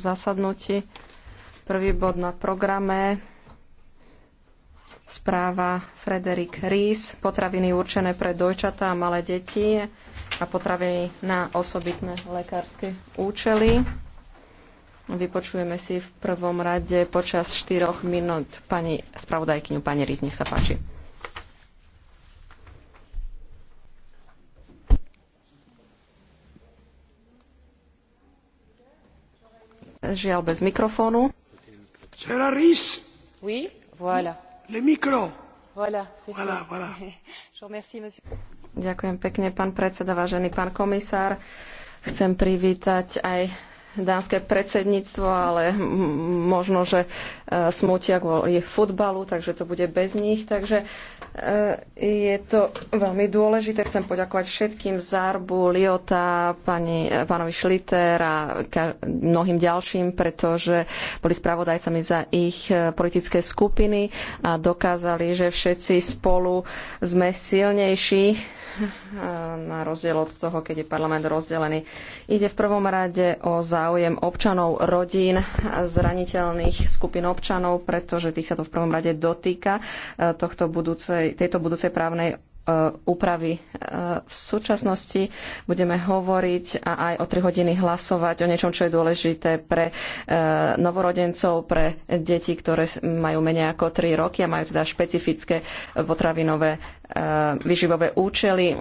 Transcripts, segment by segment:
zasadnutí. Prvý bod na programe správa Frederik Ries, potraviny určené pre dojčatá a malé deti a potraviny na osobitné lekárske účely. Vypočujeme si v prvom rade počas 4 minút pani spravodajkyňu, pani Ries, nech sa páči. žiaľ bez mikrofónu. Sarah Rees. Oui, voilà. Le micro. Voilà, c'est voilà, voilà. Je remercie, monsieur. Ďakujem pekne, pán predseda, vážený pán komisár. Chcem privítať aj dánske predsedníctvo, ale možno, že e, smutia kvôli futbalu, takže to bude bez nich. Takže e, je to veľmi dôležité. Chcem poďakovať všetkým Zarbu, Liota, pani, e, pánovi Šliter a mnohým ďalším, pretože boli spravodajcami za ich politické skupiny a dokázali, že všetci spolu sme silnejší na rozdiel od toho, keď je parlament rozdelený. Ide v prvom rade o záujem občanov, rodín, zraniteľných skupín občanov, pretože tých sa to v prvom rade dotýka eh, tohto budúcej, tejto budúcej právnej E, úpravy. E, v súčasnosti budeme hovoriť a aj o 3 hodiny hlasovať o niečom, čo je dôležité pre e, novorodencov, pre deti, ktoré majú menej ako 3 roky a majú teda špecifické potravinové vyživové účely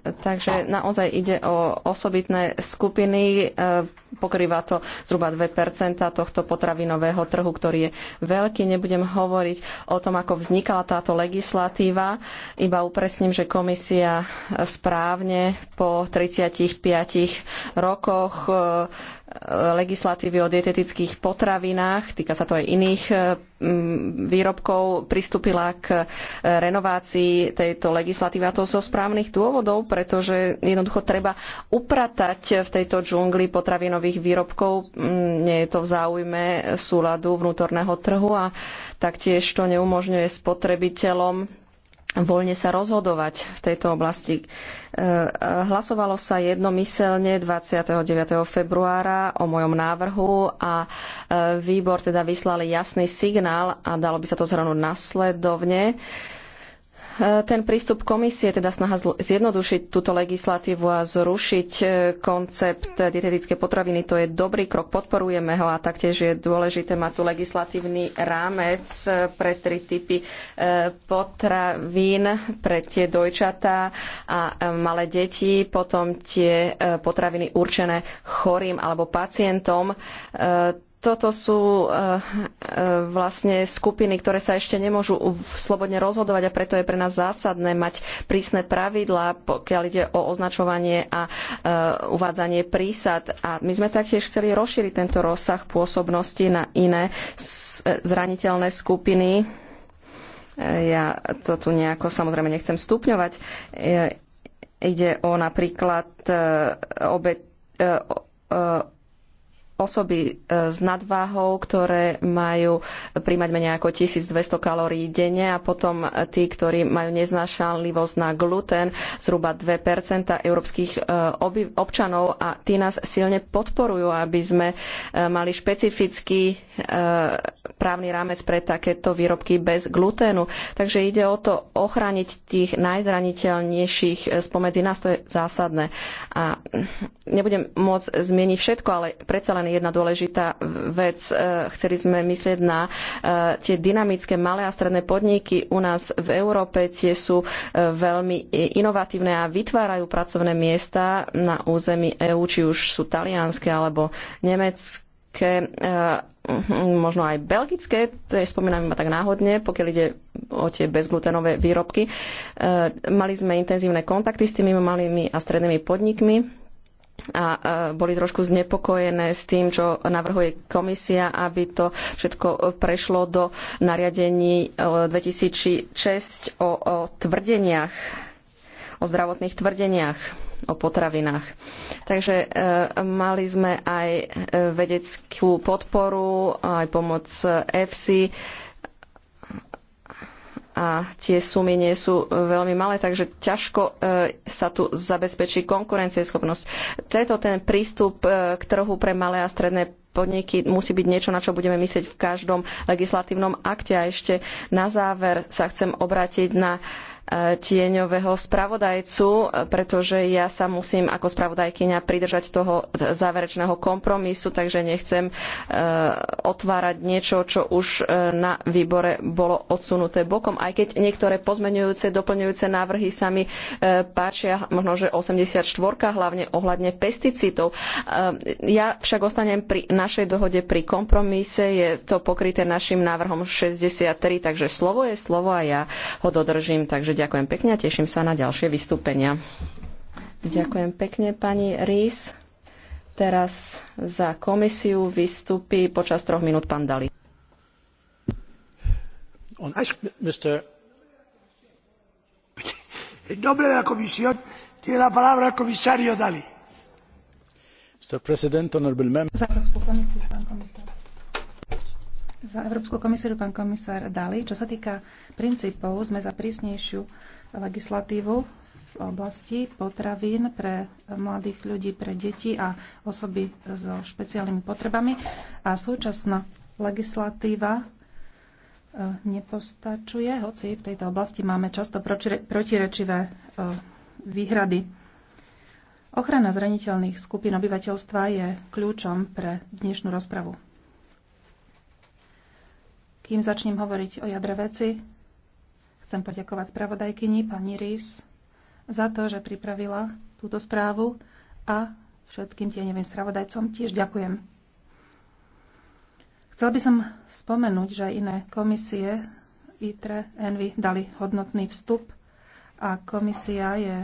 Takže naozaj ide o osobitné skupiny, e, pokrýva to zhruba 2 tohto potravinového trhu, ktorý je veľký. Nebudem hovoriť o tom, ako vznikala táto legislatíva, iba upresním, že komisia správne po 35 rokoch e, legislatívy o dietetických potravinách, týka sa to aj iných e, výrobkov, pristúpila k e, renovácii tejto legislatívy a to zo správnych dôvodov, pretože jednoducho treba upratať v tejto džungli potravinových výrobkov. Nie je to v záujme súladu vnútorného trhu a taktiež to neumožňuje spotrebiteľom voľne sa rozhodovať v tejto oblasti. E, hlasovalo sa jednomyselne 29. februára o mojom návrhu a e, výbor teda vyslali jasný signál a dalo by sa to zhrnúť nasledovne E, ten prístup komisie, teda snaha zjednodušiť túto legislatívu a zrušiť e, koncept dietetické potraviny, to je dobrý krok, podporujeme ho a taktiež je dôležité mať tu legislatívny rámec e, pre tri typy potravín, pre tie dojčatá a malé deti, potom tie potraviny určené chorým alebo pacientom toto sú eh, eh, vlastne skupiny, ktoré sa ešte nemôžu slobodne rozhodovať a preto je pre nás zásadné mať prísne pravidlá, pokiaľ ide o označovanie a eh, uvádzanie prísad. A my sme taktiež chceli rozšíriť tento rozsah pôsobnosti na iné zraniteľné skupiny. Ja to tu nejako samozrejme nechcem stupňovať. Ide o napríklad obe osoby e, s nadváhou, ktoré majú príjmať menej ako 1200 kalórií denne a potom e, tí, ktorí majú neznášanlivosť na gluten, zhruba 2 európskych e, občanov a tí nás silne podporujú, aby sme mali špecifický právny rámec pre takéto výrobky bez gluténu. Takže ide o to ochrániť tých najzraniteľnejších e, spomedzi nás, to je zásadné. A nebudem môcť zmieniť všetko, ale predsa len jedna dôležitá vec. E, chceli sme myslieť na e, tie dynamické malé a stredné podniky u nás v Európe. Tie sú veľmi inovatívne a vytvárajú pracovné miesta na území EÚ, či už sú talianské alebo nemecké Mhm, možno aj belgické, to je spomínam iba tak náhodne, pokiaľ ide o tie bezglutenové výrobky. E, mali sme intenzívne kontakty s tými malými a strednými podnikmi, a e, boli trošku znepokojené s tým, čo navrhuje komisia, aby to všetko prešlo do nariadení 2006 e, o, o tvrdeniach, o zdravotných tvrdeniach o potravinách. Takže e, mali sme aj e, vedeckú podporu, aj pomoc EFSI a tie sumy nie sú veľmi malé, takže ťažko e, sa tu zabezpečí konkurencieschopnosť. Preto ten prístup k trhu pre malé a stredné podniky musí byť niečo, na čo budeme myslieť v každom legislatívnom akte. A ešte na záver sa chcem obrátiť na uh, E, tieňového spravodajcu, pretože ja sa musím ako spravodajkyňa pridržať toho záverečného kompromisu, takže nechcem e, otvárať niečo, čo už e, na výbore bolo odsunuté bokom, aj keď niektoré pozmeňujúce, doplňujúce návrhy sa mi páčia, možno že 84, hlavne ohľadne pesticídov. Ja však ostanem pri našej dohode pri kompromise, je to pokryté našim návrhom 63, takže slovo je slovo a ja ho dodržím. Takže Takže ďakujem pekne a teším sa na ďalšie vystúpenia. Ďakujem pekne, pani Rís. Teraz za komisiu vystúpi počas troch minút pán Dali. On až, Mr. Dobre, nombre de la comisión tiene la palabra el comisario Dali. Mr. President, honorable members. Zároveň, pán komisár za Európsku komisiu pán komisár Dali. Čo sa týka princípov, sme za prísnejšiu legislatívu v oblasti potravín pre mladých ľudí, pre deti a osoby so špeciálnymi potrebami. A súčasná legislatíva e, nepostačuje, hoci v tejto oblasti máme často protirečivé e, výhrady. Ochrana zraniteľných skupín obyvateľstva je kľúčom pre dnešnú rozpravu. Kým začnem hovoriť o jadre veci, chcem poďakovať spravodajkyni pani Rís za to, že pripravila túto správu a všetkým tieňovým spravodajcom tiež ďakujem. Chcel by som spomenúť, že aj iné komisie ITRE, ENVY dali hodnotný vstup a komisia je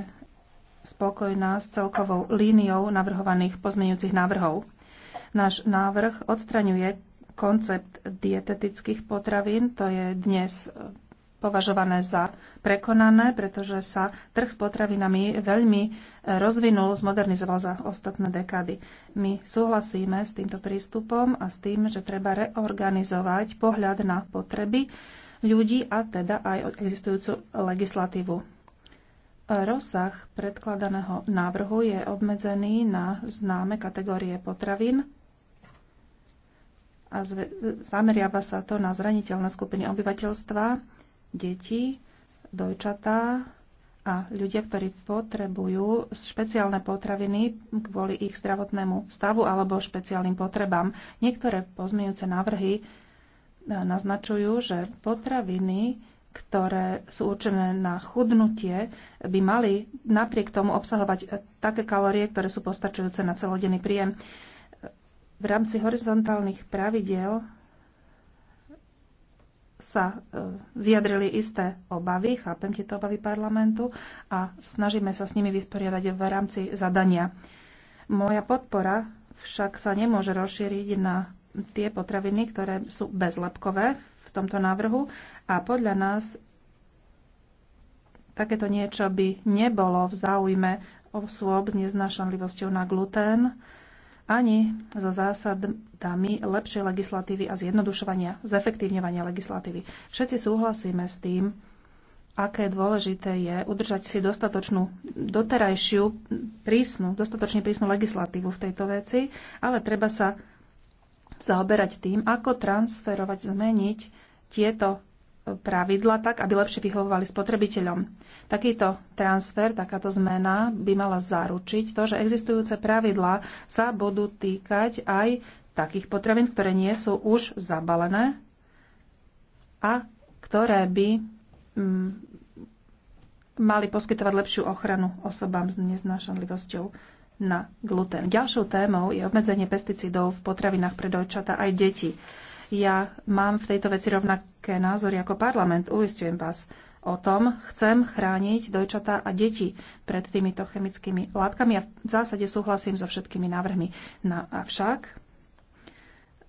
spokojná s celkovou líniou navrhovaných pozmeňujúcich návrhov. Náš návrh odstraňuje koncept dietetických potravín. To je dnes e, považované za prekonané, pretože sa trh s potravinami veľmi e, rozvinul, zmodernizoval za ostatné dekády. My súhlasíme s týmto prístupom a s tým, že treba reorganizovať pohľad na potreby ľudí a teda aj existujúcu legislatívu. Rozsah predkladaného návrhu je obmedzený na známe kategórie potravín, a zameriava sa to na zraniteľné skupiny obyvateľstva, deti, dojčatá a ľudia, ktorí potrebujú špeciálne potraviny kvôli ich zdravotnému stavu alebo špeciálnym potrebám. Niektoré pozmeňujúce návrhy e, naznačujú, že potraviny, ktoré sú určené na chudnutie, by mali napriek tomu obsahovať také kalórie, ktoré sú postačujúce na celodenný príjem. V rámci horizontálnych pravidiel sa e, vyjadrili isté obavy, chápem tieto obavy parlamentu a snažíme sa s nimi vysporiadať v rámci zadania. Moja podpora však sa nemôže rozšíriť na tie potraviny, ktoré sú bezlepkové v tomto návrhu a podľa nás takéto niečo by nebolo v záujme osôb s neznášanlivosťou na glutén ani so zásadami lepšej legislatívy a zjednodušovania, zefektívňovania legislatívy. Všetci súhlasíme s tým, aké dôležité je udržať si dostatočnú doterajšiu prísnu, dostatočne prísnu legislatívu v tejto veci, ale treba sa zaoberať tým, ako transferovať, zmeniť tieto pravidla tak, aby lepšie vyhovovali spotrebiteľom. Takýto transfer, takáto zmena by mala zaručiť to, že existujúce pravidlá sa budú týkať aj takých potravín, ktoré nie sú už zabalené a ktoré by mm, mali poskytovať lepšiu ochranu osobám s neznášanlivosťou na gluten. Ďalšou témou je obmedzenie pesticídov v potravinách pre dojčata aj deti. Ja mám v tejto veci rovnaké názory ako parlament, uistujem vás o tom. Chcem chrániť dojčatá a deti pred týmito chemickými látkami a v zásade súhlasím so všetkými návrhmi. No, avšak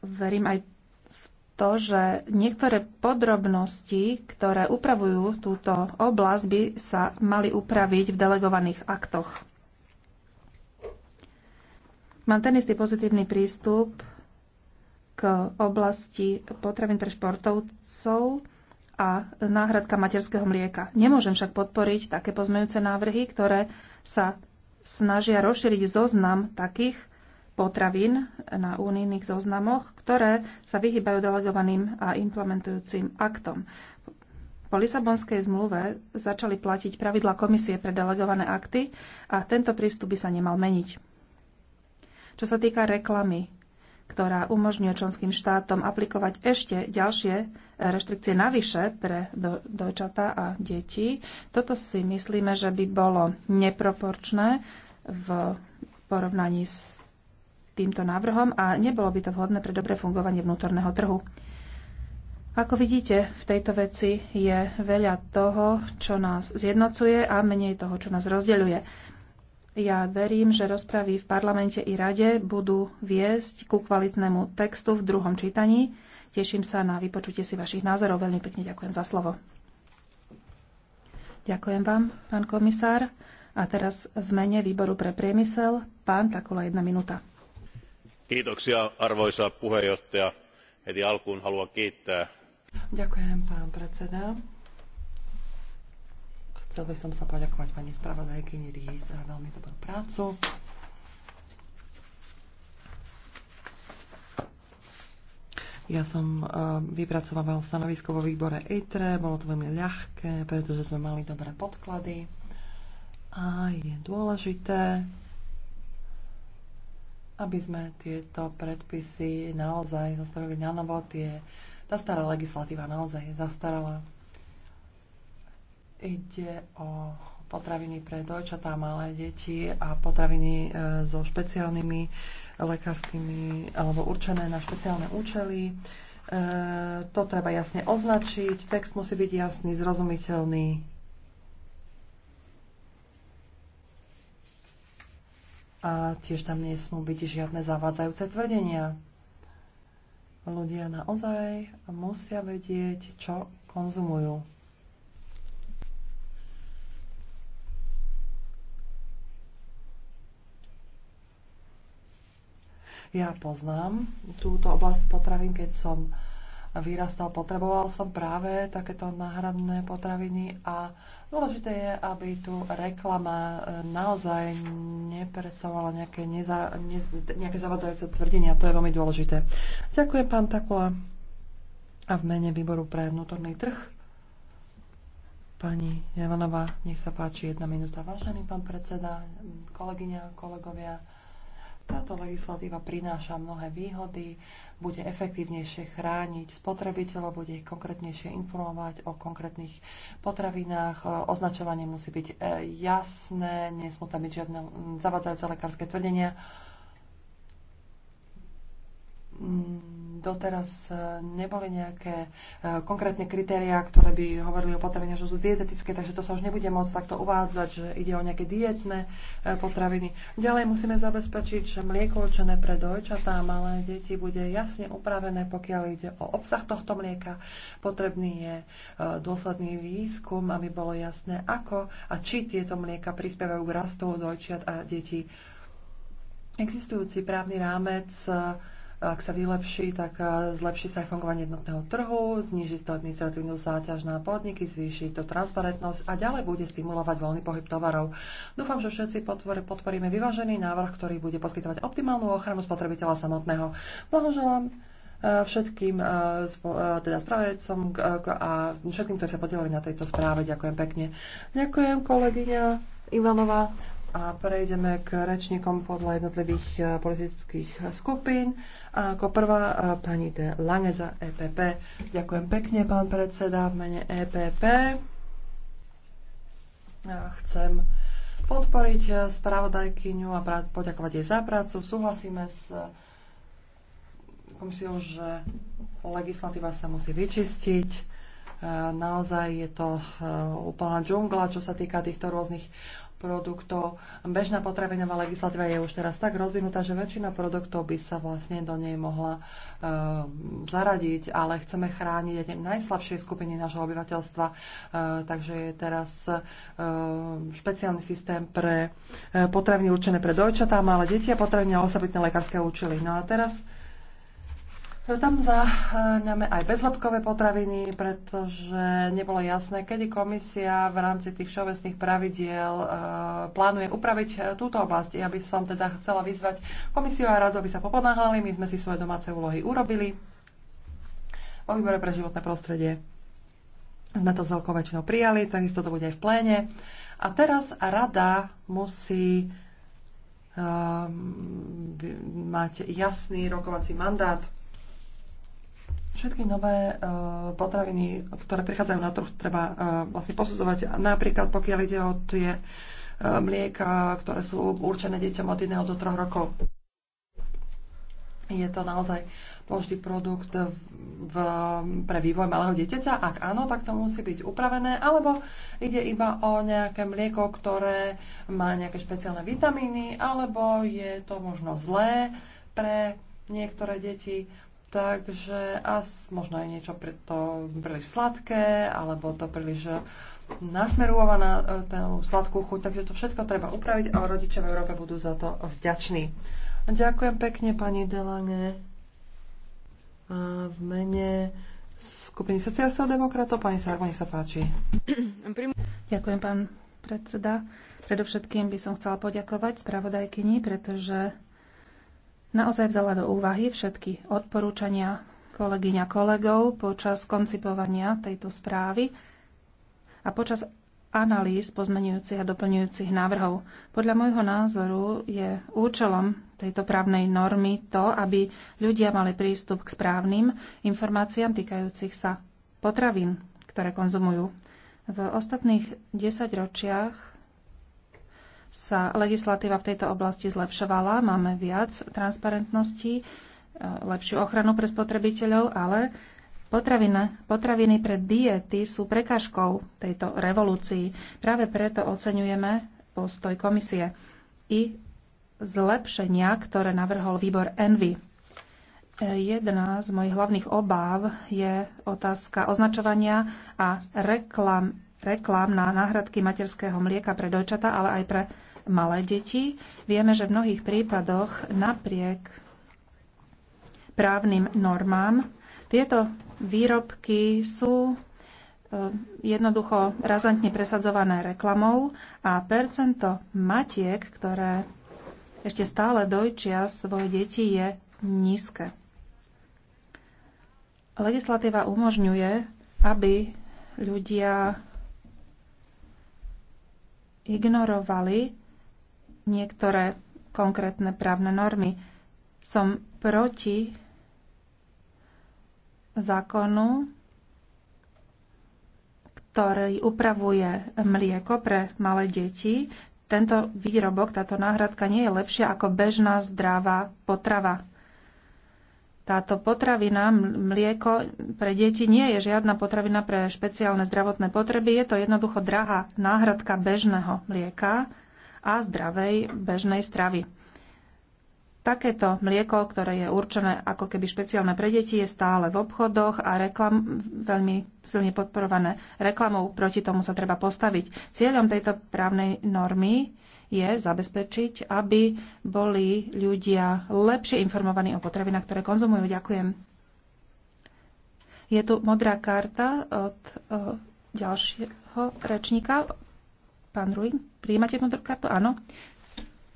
verím aj v to, že niektoré podrobnosti, ktoré upravujú túto oblasť, by sa mali upraviť v delegovaných aktoch. Mám ten istý pozitívny prístup k oblasti potravín pre športovcov a náhradka materského mlieka. Nemôžem však podporiť také pozmeňujúce návrhy, ktoré sa snažia rozšíriť zoznam takých potravín na unijných zoznamoch, ktoré sa vyhýbajú delegovaným a implementujúcim aktom. Po Lisabonskej zmluve začali platiť pravidla komisie pre delegované akty a tento prístup by sa nemal meniť. Čo sa týka reklamy, ktorá umožňuje členským štátom aplikovať ešte ďalšie e, reštrikcie navyše pre do, dojčatá a deti. Toto si myslíme, že by bolo neproporčné v porovnaní s týmto návrhom a nebolo by to vhodné pre dobré fungovanie vnútorného trhu. Ako vidíte, v tejto veci je veľa toho, čo nás zjednocuje a menej toho, čo nás rozdeľuje. Ja verím, že rozpravy v parlamente i rade budú viesť ku kvalitnému textu v druhom čítaní. Teším sa na vypočutie si vašich názorov. Veľmi pekne ďakujem za slovo. Ďakujem vám, pán komisár. A teraz v mene výboru pre priemysel, pán Takula, jedna minúta. Kiitoksia, arvoisa puheenjohtaja. Heti alkuun haluan kiittää. Ďakujem, pán predseda. Chcel by som sa poďakovať pani spravodajkyni Rís za veľmi dobrú prácu. Ja som uh, e, vypracovával stanovisko vo výbore ITRE, bolo to veľmi ľahké, pretože sme mali dobré podklady. A je dôležité, aby sme tieto predpisy naozaj zastavili na novo. Tie, tá stará legislatíva naozaj je zastarala. Ide o potraviny pre dojčatá, malé deti a potraviny e, so špeciálnymi lekárskymi alebo určené na špeciálne účely. E, to treba jasne označiť, text musí byť jasný, zrozumiteľný. A tiež tam nesmú byť žiadne zavádzajúce tvrdenia. Ľudia naozaj musia vedieť, čo konzumujú. Ja poznám túto oblasť potravín, keď som vyrastal, potreboval som práve takéto náhradné potraviny a dôležité je, aby tu reklama e, naozaj nepresovala nejaké, neza, ne, nejaké zavadzajúce tvrdenia. To je veľmi dôležité. Ďakujem, pán Takula. A v mene výboru pre vnútorný trh pani Javanová, nech sa páči jedna minúta. Vážený pán predseda, kolegyňa, kolegovia, táto legislatíva prináša mnohé výhody, bude efektívnejšie chrániť spotrebiteľov, bude ich konkrétnejšie informovať o konkrétnych potravinách, e, označovanie musí byť e, jasné, nesmú tam byť žiadne zavadzajúce lekárske tvrdenia. Mm doteraz e, neboli nejaké e, konkrétne kritériá, ktoré by hovorili o potravinách, že sú dietetické, takže to sa už nebude môcť takto uvádzať, že ide o nejaké dietné e, potraviny. Ďalej musíme zabezpečiť, že mlieko určené pre dojčatá a malé deti bude jasne upravené, pokiaľ ide o obsah tohto mlieka. Potrebný je dôsledný výskum, aby bolo jasné, ako a či tieto mlieka prispievajú k rastu dojčiat a detí. Existujúci právny rámec ak sa vylepší, tak eh, zlepší sa aj fungovanie jednotného trhu, zniží to administratívnu záťaž na podniky, zvýši to transparentnosť a ďalej bude stimulovať voľný pohyb tovarov. Dúfam, že všetci podporíme vyvážený návrh, ktorý bude poskytovať optimálnu ochranu spotrebiteľa samotného. Blahoželám eh, všetkým eh, teda spravedcom a všetkým, ktorí sa podielali na tejto správe. Ďakujem pekne. Ďakujem kolegyňa Ivanová a prejdeme k rečníkom podľa jednotlivých e, politických skupín. A ako prvá e, pani de Lange za EPP. Ďakujem pekne, pán predseda, v mene EPP. Ja chcem podporiť e, spravodajkyňu a poďakovať jej za prácu. Súhlasíme s komisiou, že legislatíva sa musí vyčistiť naozaj je to úplná džungla, čo sa týka týchto rôznych produktov. Bežná potravinová legislatíva je už teraz tak rozvinutá, že väčšina produktov by sa vlastne do nej mohla e, zaradiť, ale chceme chrániť aj najslabšie skupiny nášho obyvateľstva, e, takže je teraz e, špeciálny systém pre e, potraviny určené pre dojčatá, ale deti a potraviny a osobitné lekárske účely. No a teraz sú tam zahrňame aj bezlepkové potraviny, pretože nebolo jasné, kedy komisia v rámci tých všeobecných pravidiel eh, plánuje upraviť eh, túto oblasť. Ja by som teda chcela vyzvať komisiu a radu, aby sa poponáhali, My sme si svoje domáce úlohy urobili o výbore pre životné prostredie. Sme to s veľkou väčšinou prijali, takisto to bude aj v pléne. A teraz rada musí eh, mať jasný rokovací mandát Všetky nové e, potraviny, ktoré prichádzajú na trh, treba e, vlastne posudzovať. Napríklad pokiaľ ide o tie e, mlieka, ktoré sú určené deťom od 1 do 3 rokov. Je to naozaj použitý produkt v, pre vývoj malého dieťaťa? Ak áno, tak to musí byť upravené, alebo ide iba o nejaké mlieko, ktoré má nejaké špeciálne vitamíny, alebo je to možno zlé pre niektoré deti. Takže a možno je niečo pre to príliš sladké, alebo to príliš eh, nasmerovaná na eh, tú sladkú chuť, takže to všetko treba upraviť a rodičia v Európe budú za to vďační. Ďakujem pekne, pani Delane. A v mene skupiny sociálneho demokratov, pani Sarko, sa páči. Ďakujem, pán predseda. Predovšetkým by som chcela poďakovať spravodajkyni, pretože naozaj vzala do úvahy všetky odporúčania kolegyň a kolegov počas koncipovania tejto správy a počas analýz pozmenujúcich a doplňujúcich návrhov. Podľa môjho názoru je účelom tejto právnej normy to, aby ľudia mali prístup k správnym informáciám týkajúcich sa potravín, ktoré konzumujú. V ostatných desaťročiach sa legislatíva v tejto oblasti zlepšovala, máme viac transparentnosti, e, lepšiu ochranu pre spotrebiteľov, ale potraviny, potraviny pre diety sú prekážkou tejto revolúcii. Práve preto oceňujeme postoj komisie i zlepšenia, ktoré navrhol výbor Envy. E, jedna z mojich hlavných obáv je otázka označovania a reklam reklám na náhradky materského mlieka pre dojčata, ale aj pre malé deti. Vieme, že v mnohých prípadoch napriek právnym normám tieto výrobky sú eh, jednoducho razantne presadzované reklamou a percento matiek, ktoré ešte stále dojčia svoje deti, je nízke. Legislatíva umožňuje, aby ľudia ignorovali niektoré konkrétne právne normy. Som proti zákonu, ktorý upravuje mlieko pre malé deti. Tento výrobok, táto náhradka nie je lepšia ako bežná zdravá potrava. Táto potravina, mlieko pre deti nie je žiadna potravina pre špeciálne zdravotné potreby. Je to jednoducho drahá náhradka bežného mlieka a zdravej bežnej stravy. Takéto mlieko, ktoré je určené ako keby špeciálne pre deti, je stále v obchodoch a reklam, veľmi silne podporované reklamou. Proti tomu sa treba postaviť. Cieľom tejto právnej normy je zabezpečiť, aby boli ľudia lepšie informovaní o potravinách, ktoré konzumujú. Ďakujem. Je tu modrá karta od e, ďalšieho rečníka. Pán Ruin, prijímate modrú kartu? Áno.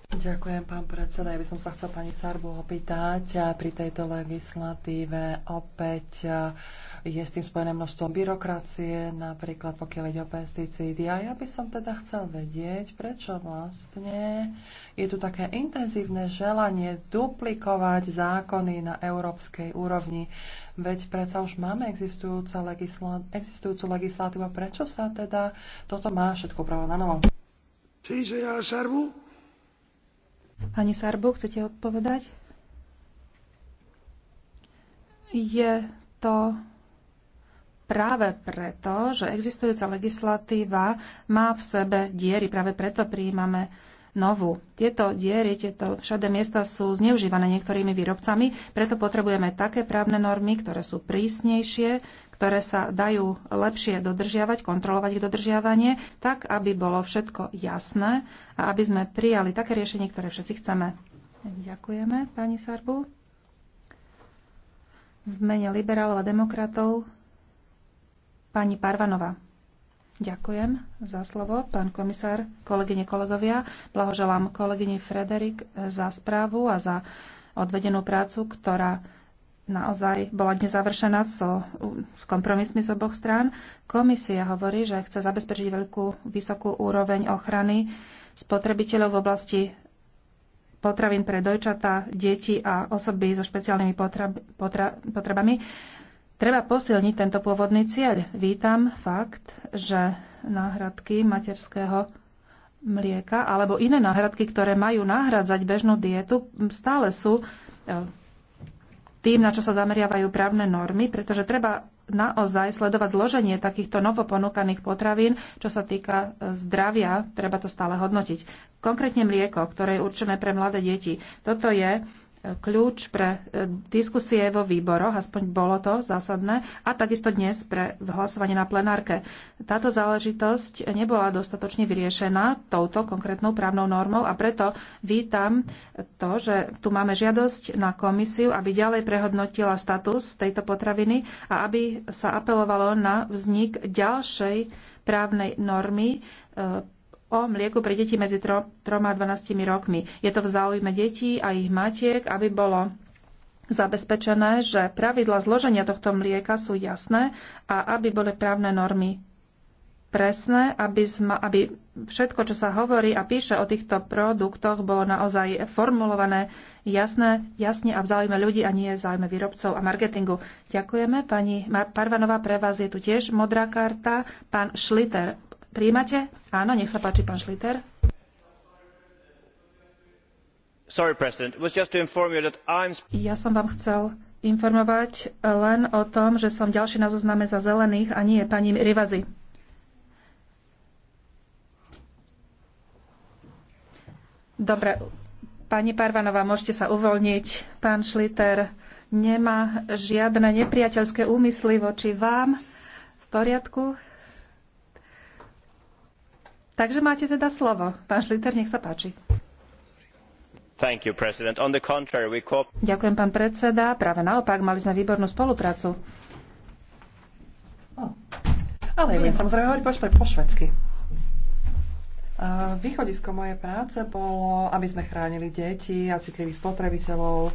Ďakujem, pán predseda. Ja by som sa chcel pani Sarbu opýtať pri tejto legislatíve opäť je s tým spojené množstvo byrokracie, napríklad pokiaľ ide o pesticídy. A ja by som teda chcel vedieť, prečo vlastne je tu také intenzívne želanie duplikovať zákony na európskej úrovni. Veď predsa už máme legisla- existujúcu legislatívu a prečo sa teda toto má všetko právo na novo? Pani Sarbu, chcete odpovedať? je to práve preto, že existujúca legislatíva má v sebe diery. Práve preto prijímame novú. Tieto diery, tieto všade miesta sú zneužívané niektorými výrobcami, preto potrebujeme také právne normy, ktoré sú prísnejšie, ktoré sa dajú lepšie dodržiavať, kontrolovať ich dodržiavanie, tak, aby bolo všetko jasné a aby sme prijali také riešenie, ktoré všetci chceme. Ďakujeme, pani Sarbu. V mene liberálov a demokratov Pani Parvanova. Ďakujem za slovo, pán komisár, kolegyne, kolegovia. Blahoželám kolegyni Frederik za správu a za odvedenú prácu, ktorá naozaj bola dnes završená so, s kompromismi z oboch strán. Komisia hovorí, že chce zabezpečiť veľkú, vysokú úroveň ochrany spotrebiteľov v oblasti potravín pre dojčata, deti a osoby so špeciálnymi potrab, potra, potrebami Treba posilniť tento pôvodný cieľ. Vítam fakt, že náhradky materského mlieka alebo iné náhradky, ktoré majú nahradzať bežnú dietu, stále sú e, tým, na čo sa zameriavajú právne normy, pretože treba naozaj sledovať zloženie takýchto novoponúkaných potravín, čo sa týka e, zdravia, treba to stále hodnotiť. Konkrétne mlieko, ktoré je určené pre mladé deti. Toto je kľúč pre e, diskusie vo výboroch, aspoň bolo to zásadné, a takisto dnes pre hlasovanie na plenárke. Táto záležitosť nebola dostatočne vyriešená touto konkrétnou právnou normou a preto vítam to, že tu máme žiadosť na komisiu, aby ďalej prehodnotila status tejto potraviny a aby sa apelovalo na vznik ďalšej právnej normy e, o mlieku pre deti medzi 3 a 12 rokmi. Je to v záujme detí a ich matiek, aby bolo zabezpečené, že pravidla zloženia tohto mlieka sú jasné a aby boli právne normy presné, aby, zma, aby všetko, čo sa hovorí a píše o týchto produktoch, bolo naozaj formulované jasné, jasne a v záujme ľudí a nie v záujme výrobcov a marketingu. Ďakujeme. Pani Parvanová, pre vás je tu tiež modrá karta. Pán Šliter, Príjmate? Áno, nech sa páči, pán Šliter. Sorry, President. It was just to inform you that I'm... Ja som vám chcel informovať len o tom, že som ďalší na zozname za zelených a nie pani Rivazi. Dobre, pani Parvanová, môžete sa uvoľniť. Pán Šliter nemá žiadne nepriateľské úmysly voči vám. V poriadku? Takže máte teda slovo. Pán Šliter, nech sa páči. Ďakujem, pán predseda. Práve naopak, mali sme výbornú spoluprácu. Oh. Ale ja samozrejme hovorím po, po švedsky. Uh, východisko mojej práce bolo, aby sme chránili deti a citlivých spotrebiteľov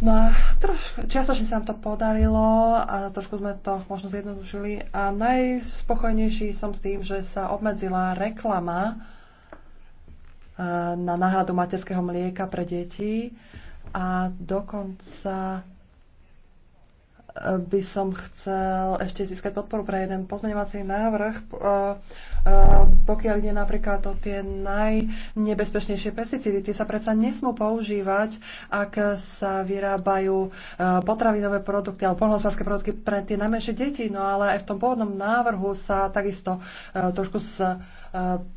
No a trošku, čiastočne sa nám to podarilo a trošku sme to možno zjednodušili a najspokojnejší som s tým, že sa obmedzila reklama e, na náhradu materského mlieka pre deti a dokonca by som chcel ešte získať podporu pre jeden pozmeňovací návrh, e, e, pokiaľ ide napríklad o tie najnebezpečnejšie pesticídy. Tie sa predsa nesmú používať, ak sa vyrábajú e, potravinové produkty alebo polnohospodárske produkty pre tie najmenšie deti. No ale aj v tom pôvodnom návrhu sa takisto trošku z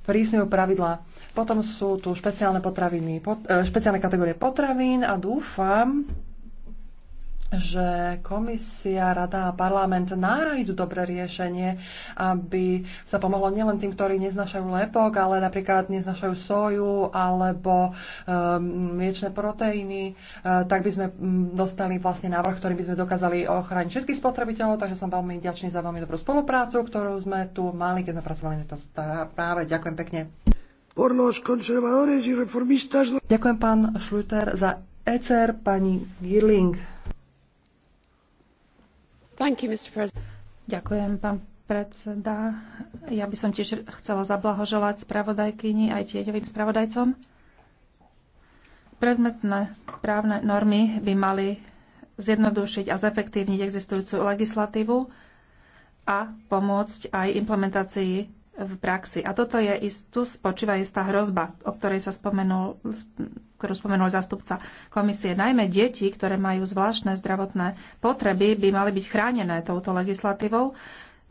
prísňujú pravidlá. Potom sú tu špeciálne potraviny, špeciálne kategórie potravín a dúfam, že komisia, rada a parlament nájdu dobré riešenie, aby sa pomohlo nielen tým, ktorí neznašajú lepok, ale napríklad neznašajú soju alebo um, mliečne proteíny, uh, tak by sme mm, dostali vlastne návrh, ktorý by sme dokázali ochrániť všetkých spotrebiteľov, takže som veľmi ďačný za veľmi dobrú spoluprácu, ktorú sme tu mali, keď sme pracovali na to práve. Ďakujem pekne. No Ďakujem pán Schluter za ECR, pani Girling. Ďakujem, pán predseda. Ja by som tiež chcela zablahoželať spravodajkyni aj tieňovým spravodajcom. Predmetné právne normy by mali zjednodušiť a zefektívniť existujúcu legislatívu a pomôcť aj implementácii v praxi. A toto je istú, spočíva istá hrozba, o ktorej sa spomenul, ktorú spomenul zástupca komisie. Najmä deti, ktoré majú zvláštne zdravotné potreby, by mali byť chránené touto legislatívou. E,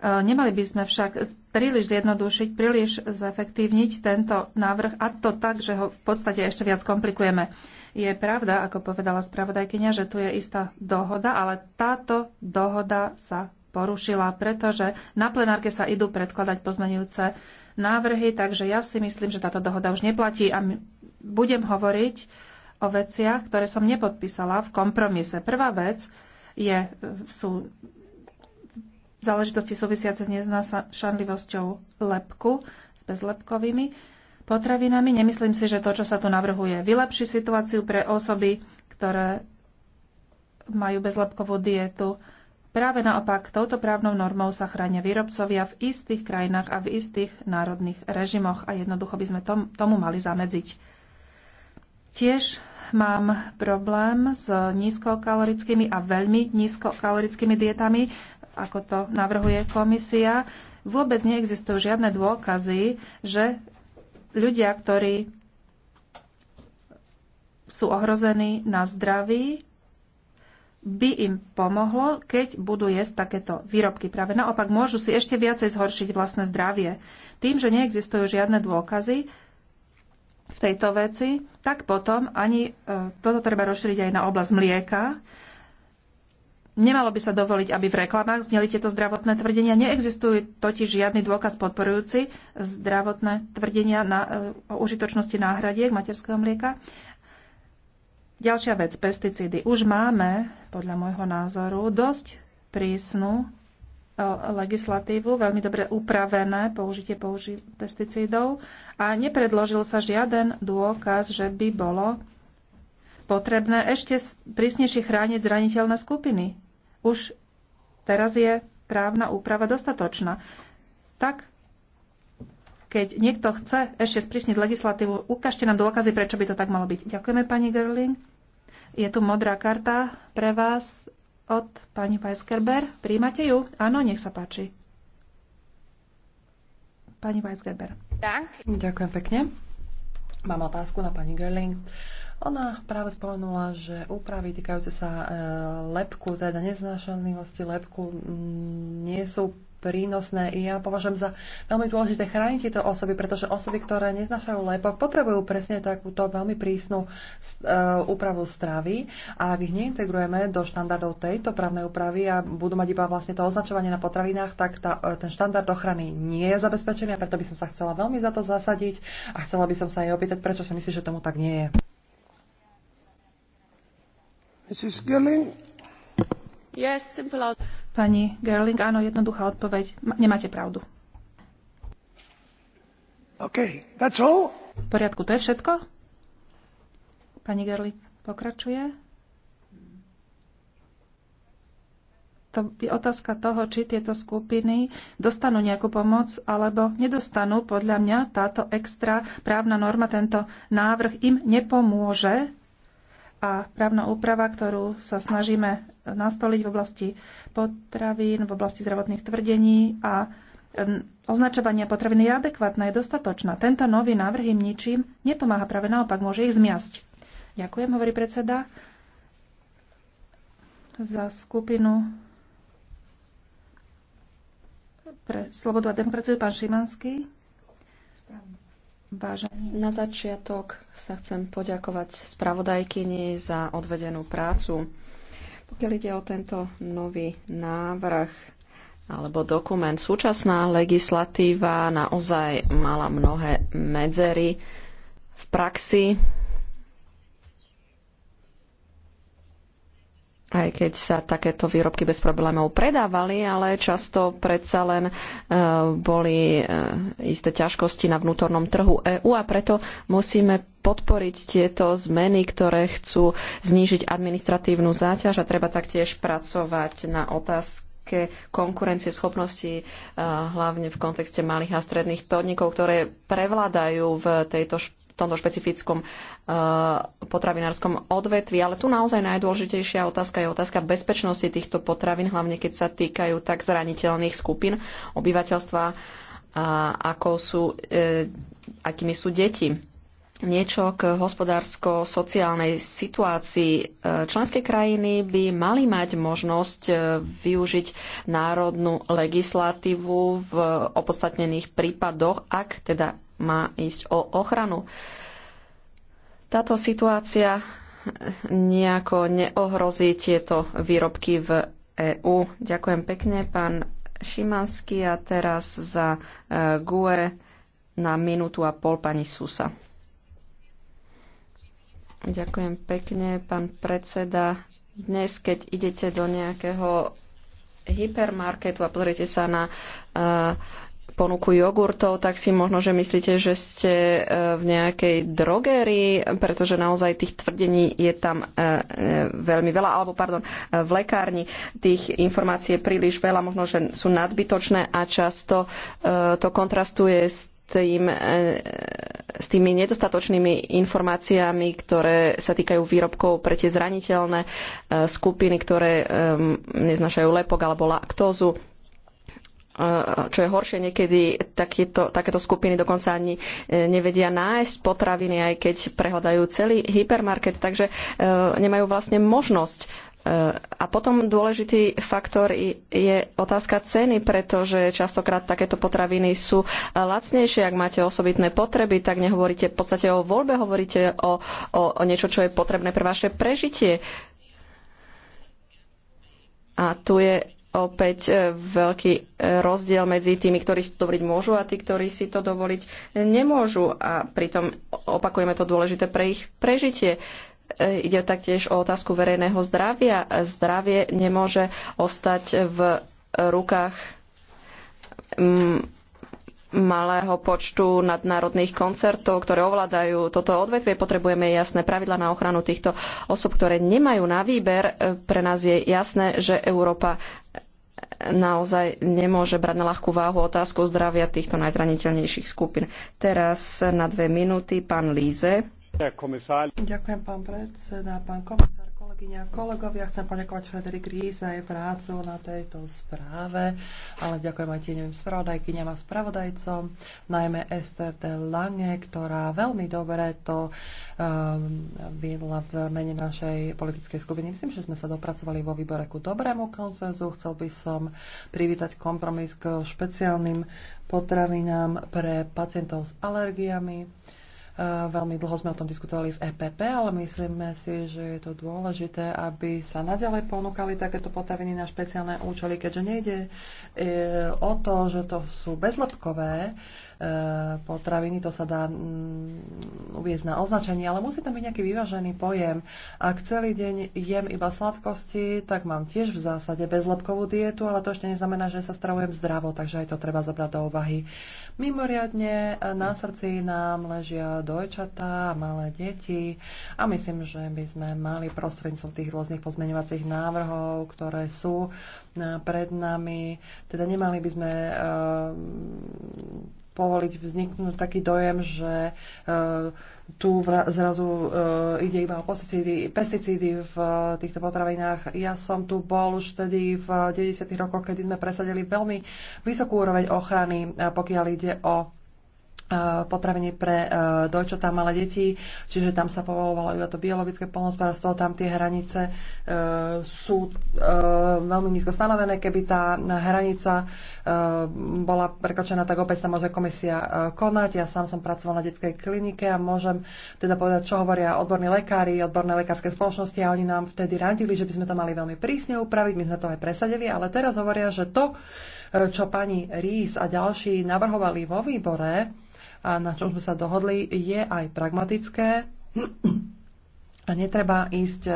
nemali by sme však príliš zjednodušiť, príliš zefektívniť tento návrh a to tak, že ho v podstate ešte viac komplikujeme. Je pravda, ako povedala spravodajkynia, že tu je istá dohoda, ale táto dohoda sa porušila, pretože na plenárke sa idú predkladať pozmenujúce návrhy, takže ja si myslím, že táto dohoda už neplatí a budem hovoriť o veciach, ktoré som nepodpísala v kompromise. Prvá vec je, sú záležitosti súvisiace s neznášanlivosťou lepku, s bezlepkovými potravinami. Nemyslím si, že to, čo sa tu navrhuje, vylepší situáciu pre osoby, ktoré majú bezlepkovú dietu. Práve naopak, touto právnou normou sa chránia výrobcovia v istých krajinách a v istých národných režimoch a jednoducho by sme tom, tomu mali zamedziť. Tiež mám problém s nízkokalorickými a veľmi nízkokalorickými dietami, ako to navrhuje komisia. Vôbec neexistujú žiadne dôkazy, že ľudia, ktorí sú ohrození na zdraví, by im pomohlo, keď budú jesť takéto výrobky. Práve naopak môžu si ešte viacej zhoršiť vlastné zdravie. Tým, že neexistujú žiadne dôkazy, v tejto veci, tak potom ani e, toto treba rozšíriť aj na oblasť mlieka. Nemalo by sa dovoliť, aby v reklamách zneli tieto zdravotné tvrdenia. Neexistuje totiž žiadny dôkaz podporujúci zdravotné tvrdenia na, e, o užitočnosti náhradiek materského mlieka. Ďalšia vec, pesticídy. Už máme, podľa môjho názoru, dosť prísnu legislatívu, veľmi dobre upravené použitie použi- pesticídov a nepredložil sa žiaden dôkaz, že by bolo potrebné ešte prísnejšie chrániť zraniteľné skupiny. Už teraz je právna úprava dostatočná. Tak keď niekto chce ešte sprísniť legislatívu, ukážte nám dôkazy, prečo by to tak malo byť. Ďakujeme, pani Gerling. Je tu modrá karta pre vás od pani Weisgerber. Príjmate ju? Áno, nech sa páči. Pani Weisgerber. Ďakujem pekne. Mám otázku na pani Gerling. Ona práve spomenula, že úpravy týkajúce sa e, lepku, teda neznášanlivosti lepku, nie sú prínosné. I ja považujem za veľmi dôležité chrániť tieto osoby, pretože osoby, ktoré neznášajú lepok, potrebujú presne takúto veľmi prísnu e, úpravu stravy a ak ich neintegrujeme do štandardov tejto právnej úpravy a budú mať iba vlastne to označovanie na potravinách, tak tá, e, ten štandard ochrany nie je zabezpečený a preto by som sa chcela veľmi za to zasadiť a chcela by som sa jej opýtať, prečo si myslí, že tomu tak nie je. Yes, simple Pani Gerling, áno, jednoduchá odpoveď. Nemáte pravdu. OK, that's all. V poriadku, to je všetko? Pani Gerling pokračuje. To je otázka toho, či tieto skupiny dostanú nejakú pomoc alebo nedostanú. Podľa mňa táto extra právna norma, tento návrh im nepomôže a právna úprava, ktorú sa snažíme nastoliť v oblasti potravín, v oblasti zdravotných tvrdení a označovania potravín je adekvátna, je dostatočná. Tento nový návrh im ničím nepomáha, práve naopak môže ich zmiasť. Ďakujem, hovorí predseda za skupinu pre Slobodu a demokraciu, pán Šimanský. Správne. Vážený. Na začiatok sa chcem poďakovať spravodajkyni za odvedenú prácu. Pokiaľ ide o tento nový návrh alebo dokument, súčasná legislatíva naozaj mala mnohé medzery v praxi aj keď sa takéto výrobky bez problémov predávali, ale často predsa len e, boli e, isté ťažkosti na vnútornom trhu EÚ a preto musíme podporiť tieto zmeny, ktoré chcú znížiť administratívnu záťaž a treba taktiež pracovať na otázky ke konkurencie schopnosti, e, hlavne v kontexte malých a stredných podnikov, ktoré prevládajú v tejto tomto špecifickom eh, potravinárskom odvetvi. Ale tu naozaj najdôležitejšia otázka je otázka bezpečnosti týchto potravín, hlavne keď sa týkajú tak zraniteľných skupín obyvateľstva, eh, ako sú, eh, akými sú deti niečo k hospodársko-sociálnej situácii. Členské krajiny by mali mať možnosť e, využiť národnú legislatívu v opodstatnených prípadoch, ak teda má ísť o ochranu. Táto situácia e, nejako neohrozí tieto výrobky v EÚ. Ďakujem pekne, pán Šimanský. A teraz za e, GUE na minútu a pol pani Susa. Ďakujem pekne, pán predseda. Dnes, keď idete do nejakého hypermarketu a pozriete sa na uh, ponuku jogurtov, tak si možno, že myslíte, že ste uh, v nejakej drogérii, pretože naozaj tých tvrdení je tam uh, veľmi veľa, alebo pardon, v lekárni tých informácií je príliš veľa, možno, že sú nadbytočné a často to kontrastuje s tým s tými nedostatočnými informáciami, ktoré sa týkajú výrobkov pre tie zraniteľné e, skupiny, ktoré e, neznašajú lepok alebo laktózu e, čo je horšie, niekedy takéto, takéto skupiny dokonca ani nevedia nájsť potraviny, aj keď prehľadajú celý hypermarket, takže nemajú vlastne možnosť a potom dôležitý faktor je otázka ceny, pretože častokrát takéto potraviny sú lacnejšie. Ak máte osobitné potreby, tak nehovoríte v podstate o voľbe, hovoríte o, o, o niečo, čo je potrebné pre vaše prežitie. A tu je opäť e, veľký e, rozdiel medzi tými, ktorí si to dovoliť môžu a tí, ktorí si to dovoliť nemôžu. A pritom opakujeme to dôležité pre ich prežitie. E, ide taktiež o otázku verejného zdravia. Zdravie nemôže ostať v rukách mm, malého počtu nadnárodných koncertov, ktoré ovládajú toto odvetvie. Potrebujeme jasné pravidla na ochranu týchto osob, ktoré nemajú na výber. E, pre nás je jasné, že Európa naozaj nemôže brať na ľahkú váhu otázku zdravia týchto najzraniteľnejších skupín. Teraz na dve minúty pán Líze. Ďakujem, pán predseda, pán komisár, kolegyňa a kolegovia. Chcem poďakovať Frederik Ries za jej prácu na tejto správe, ale ďakujem aj tieňovým spravodajkyňam a spravodajcom, najmä Esther de Lange, ktorá veľmi dobre to um, viedla v mene našej politickej skupiny. Myslím, že sme sa dopracovali vo výbore ku dobrému konsenzu. Chcel by som privítať kompromis k špeciálnym potravinám pre pacientov s alergiami E, veľmi dlho sme o tom diskutovali v EPP, ale myslíme si, že je to dôležité, aby sa naďalej ponúkali takéto potraviny na špeciálne účely, keďže nejde e, o to, že to sú bezlepkové e, potraviny, to sa dá mm, uviezť na označenie, ale musí tam byť nejaký vyvážený pojem. Ak celý deň jem iba sladkosti, tak mám tiež v zásade bezlepkovú dietu, ale to ešte neznamená, že sa stravujem zdravo, takže aj to treba zobrať do úvahy. Mimoriadne na srdci nám ležia dojčatá, malé deti a myslím, že by sme mali prostredníctvom tých rôznych pozmeňovacích návrhov, ktoré sú e, pred nami, teda nemali by sme e, povoliť vzniknúť taký dojem, že e, tu zrazu ide iba o pesticídy, pesticídy v týchto potravinách. Ja som tu bol už vtedy v 90. rokoch, kedy sme presadili veľmi vysokú úroveň ochrany, pokiaľ ide o E, potraviny pre e, dojčo tam ale deti, čiže tam sa povolovalo iba to biologické polnospodárstvo, tam tie hranice e, sú veľmi nízko stanovené. Keby tá hranica bola prekročená, tak opäť sa môže komisia konať. Ja sám som pracoval na detskej klinike a môžem teda povedať, čo hovoria odborní lekári, odborné lekárske spoločnosti a oni nám vtedy radili, že by sme to mali veľmi prísne upraviť, my sme to aj presadili, ale teraz hovoria, že to, čo pani Rís a ďalší navrhovali vo výbore, a na čom sme sa dohodli, je aj pragmatické a netreba ísť e,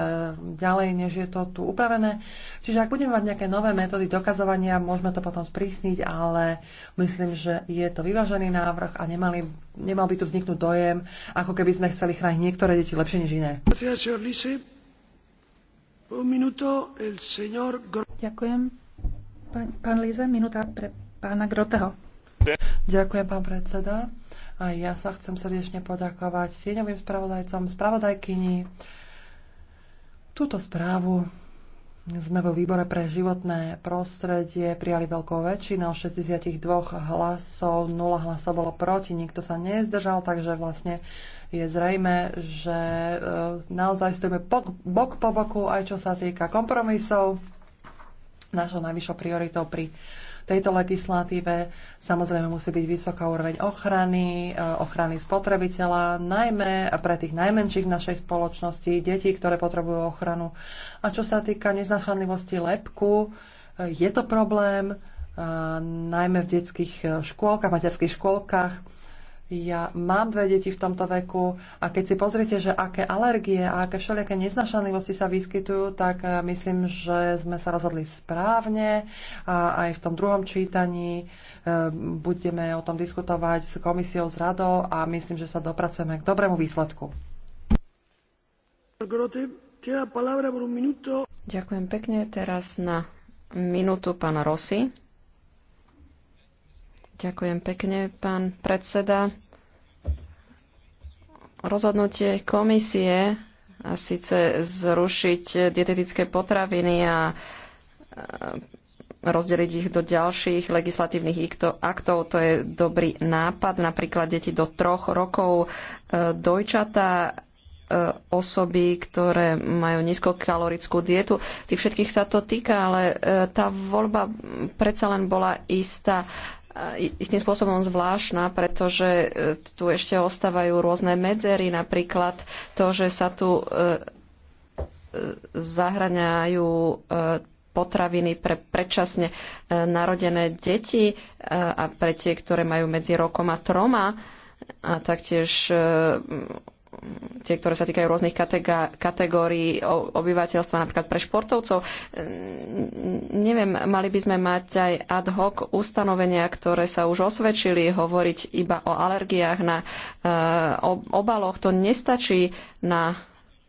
ďalej, než je to tu upravené. Čiže ak budeme mať nejaké nové metódy dokazovania, môžeme to potom sprísniť, ale myslím, že je to vyvážený návrh a nemali, nemal by tu vzniknúť dojem, ako keby sme chceli chrániť niektoré deti lepšie než iné. Ďakujem. Pán, Líze, minúta pre pána Groteho. Ďakujem, pán predseda. A ja sa chcem srdečne poďakovať tieňovým spravodajcom, spravodajkyni. Túto správu sme vo výbore pre životné prostredie prijali veľkou väčšinou 62 hlasov, 0 hlasov bolo proti, nikto sa nezdržal, takže vlastne je zrejme, že e, naozaj stojíme bok po boku, aj čo sa týka kompromisov. Našou najvyššou prioritou pri tejto legislatíve. Samozrejme musí byť vysoká úroveň ochrany, eh, ochrany spotrebiteľa, najmä pre tých najmenších v našej spoločnosti, detí, ktoré potrebujú ochranu. A čo sa týka neznašanlivosti lepku, eh, je to problém, eh, najmä v detských škôlkach, materských škôlkach ja mám dve deti v tomto veku a keď si pozrite, že aké alergie a aké všelijaké neznašanlivosti sa vyskytujú, tak eh, myslím, že sme sa rozhodli správne a aj v tom druhom čítaní eh, budeme o tom diskutovať s komisiou, s radou a myslím, že sa dopracujeme k dobrému výsledku. Ďakujem pekne. Teraz na minútu pána Rossi. Ďakujem pekne, pán predseda. Rozhodnutie komisie a síce zrušiť dietetické potraviny a rozdeliť ich do ďalších legislatívnych aktov. To je dobrý nápad. Napríklad deti do troch rokov, e, dojčata, e, osoby, ktoré majú nízkokalorickú dietu. Tých všetkých sa to týka, ale e, tá voľba predsa len bola istá istým spôsobom zvláštna, pretože e, tu ešte ostávajú rôzne medzery, napríklad to, že sa tu e, e, zahraňajú potraviny pre predčasne narodené deti a pre tie, ktoré majú medzi rokom a troma a taktiež tie, ktoré sa týkajú rôznych kategórií obyvateľstva, napríklad pre športovcov. Neviem, mali by sme mať aj ad hoc ustanovenia, ktoré sa už osvedčili, hovoriť iba o alergiách na e, obaloch. To nestačí na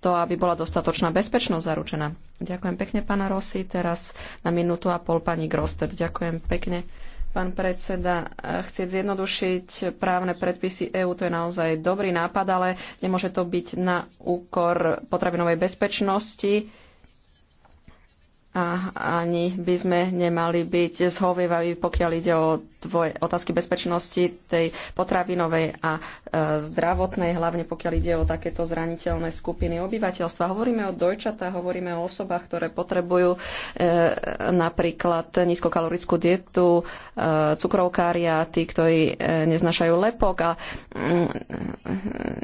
to, aby bola dostatočná bezpečnosť zaručená. Ďakujem pekne, pána Rossi. Teraz na minútu a pol pani Grostet. Ďakujem pekne pán predseda, eh, chcieť zjednodušiť právne predpisy EÚ, to je naozaj dobrý nápad, ale nemôže to byť na úkor potravinovej bezpečnosti a ani by sme nemali byť zhovievaví, pokiaľ ide o tvoje otázky bezpečnosti tej potravinovej a e, zdravotnej, hlavne pokiaľ ide o takéto zraniteľné skupiny obyvateľstva. Hovoríme o dojčata, hovoríme o osobách, ktoré potrebujú e, napríklad nízkokalorickú dietu, e, cukrovkária, tí, ktorí neznašajú lepok a mm,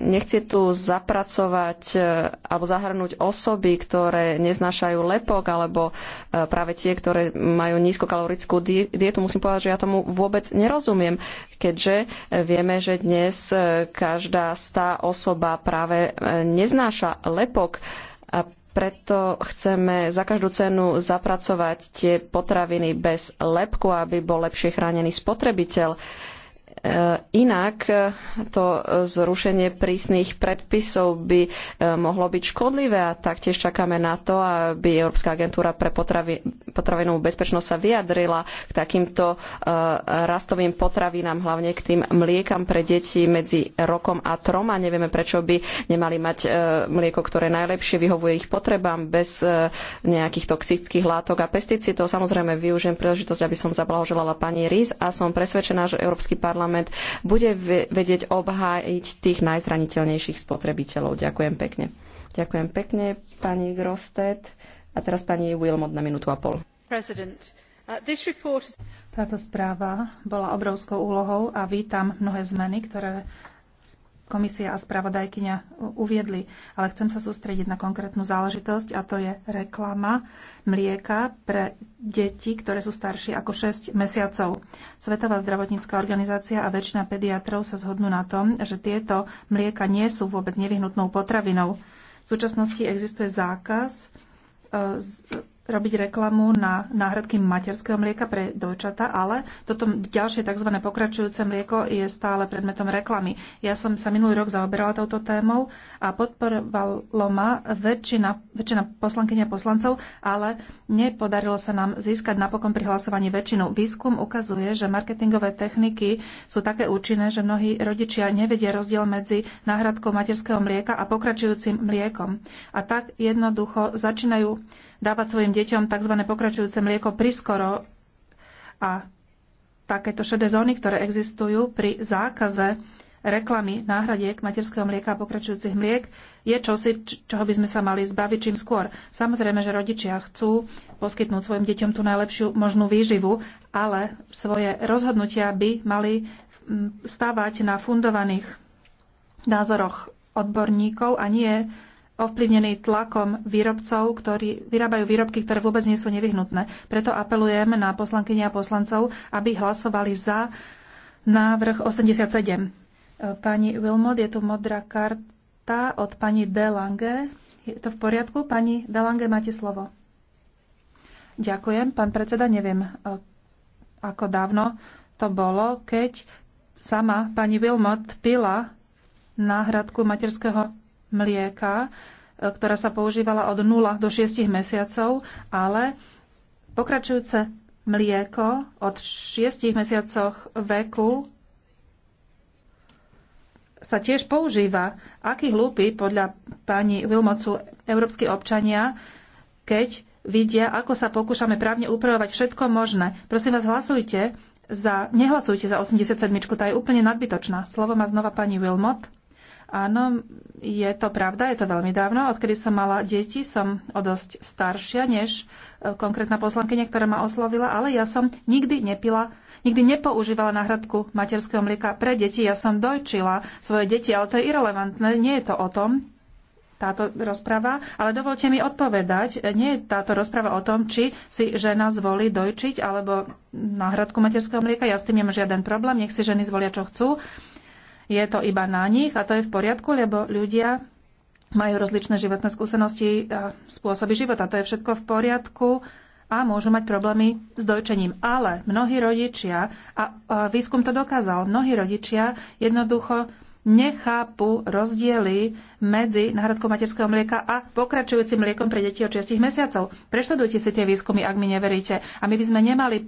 nechcie tu zapracovať alebo zahrnúť osoby, ktoré neznášajú lepok alebo práve tie, ktoré majú nízkokalorickú dietu. Musím povedať, že ja tomu vôbec vôbec nerozumiem, keďže vieme, že dnes každá stá osoba práve neznáša lepok a preto chceme za každú cenu zapracovať tie potraviny bez lepku, aby bol lepšie chránený spotrebiteľ Eh, inak eh, to zrušenie prísnych predpisov by eh, mohlo byť škodlivé a taktiež čakáme na to, aby Európska agentúra pre potravinovú bezpečnosť sa vyjadrila k takýmto rastovým potravinám, hlavne k tým mliekam pre deti medzi rokom a trom a Nevieme, prečo by nemali mať mlieko, ktoré najlepšie vyhovuje ich potrebám bez nejakých toxických látok a pesticídov. Samozrejme, využijem príležitosť, aby som zablahoželala pani Riz a som presvedčená, že Európsky parlament parlament bude vedieť obhájiť tých najzraniteľnejších spotrebiteľov. Ďakujem pekne. Ďakujem pekne, pani Grostet. A teraz pani Wilmot na minútu a pol. Uh, Táto správa bola obrovskou úlohou a vítam mnohé zmeny, ktoré komisia a spravodajkyňa uviedli, ale chcem sa sústrediť na konkrétnu záležitosť a to je reklama mlieka pre deti, ktoré sú staršie ako 6 mesiacov. Svetová zdravotnícká organizácia a väčšina pediatrov sa zhodnú na tom, že tieto mlieka nie sú vôbec nevyhnutnou potravinou. V súčasnosti existuje zákaz e, robiť reklamu na náhradky materského mlieka pre dojčata, ale toto ďalšie tzv. pokračujúce mlieko je stále predmetom reklamy. Ja som sa minulý rok zaoberala touto témou a podporovalo ma väčšina, väčšina poslankyň a poslancov, ale nepodarilo sa nám získať napokon pri hlasovaní väčšinu. Výskum ukazuje, že marketingové techniky sú také účinné, že mnohí rodičia nevedia rozdiel medzi náhradkou materského mlieka a pokračujúcim mliekom. A tak jednoducho začínajú dávať svojim deťom tzv. pokračujúce mlieko priskoro a takéto šedé zóny, ktoré existujú pri zákaze reklamy náhradiek materského mlieka a pokračujúcich mliek je čosi, čoho by sme sa mali zbaviť čím skôr. Samozrejme, že rodičia chcú poskytnúť svojim deťom tú najlepšiu možnú výživu, ale svoje rozhodnutia by mali stávať na fundovaných názoroch odborníkov a nie ovplyvnený tlakom výrobcov, ktorí vyrábajú výrobky, ktoré vôbec nie sú nevyhnutné. Preto apelujem na poslankyne a poslancov, aby hlasovali za návrh 87. Pani Wilmot, je tu modrá karta od pani Delange. Je to v poriadku? Pani Delange, máte slovo. Ďakujem. Pán predseda, neviem, e, ako dávno to bolo, keď sama pani Wilmot pila náhradku materského mlieka, e, ktorá sa používala od 0 do 6 mesiacov, ale pokračujúce mlieko od 6 mesiacoch veku sa tiež používa. Aký hlúpy podľa pani Vilmocu európsky občania, keď vidia, ako sa pokúšame právne upravovať všetko možné. Prosím vás, hlasujte za, nehlasujte za 87, tá je úplne nadbytočná. Slovo má znova pani Wilmot. Áno, je to pravda, je to veľmi dávno. Odkedy som mala deti, som o dosť staršia než e, konkrétna poslankyňa, ktorá ma oslovila, ale ja som nikdy nepila, nikdy nepoužívala náhradku materského mlieka pre deti. Ja som dojčila svoje deti, ale to je irrelevantné, nie je to o tom táto rozprava, ale dovolte mi odpovedať, nie je táto rozprava o tom, či si žena zvolí dojčiť alebo náhradku materského mlieka, ja s tým nemám žiaden problém, nech si ženy zvolia, čo chcú, je to iba na nich a to je v poriadku, lebo ľudia majú rozličné životné skúsenosti a spôsoby života. To je všetko v poriadku a môžu mať problémy s dojčením. Ale mnohí rodičia, a výskum to dokázal, mnohí rodičia jednoducho nechápu rozdiely medzi náhradkou materského mlieka a pokračujúcim mliekom pre deti od 6 mesiacov. Preštudujte si tie výskumy, ak mi neveríte. A my by sme nemali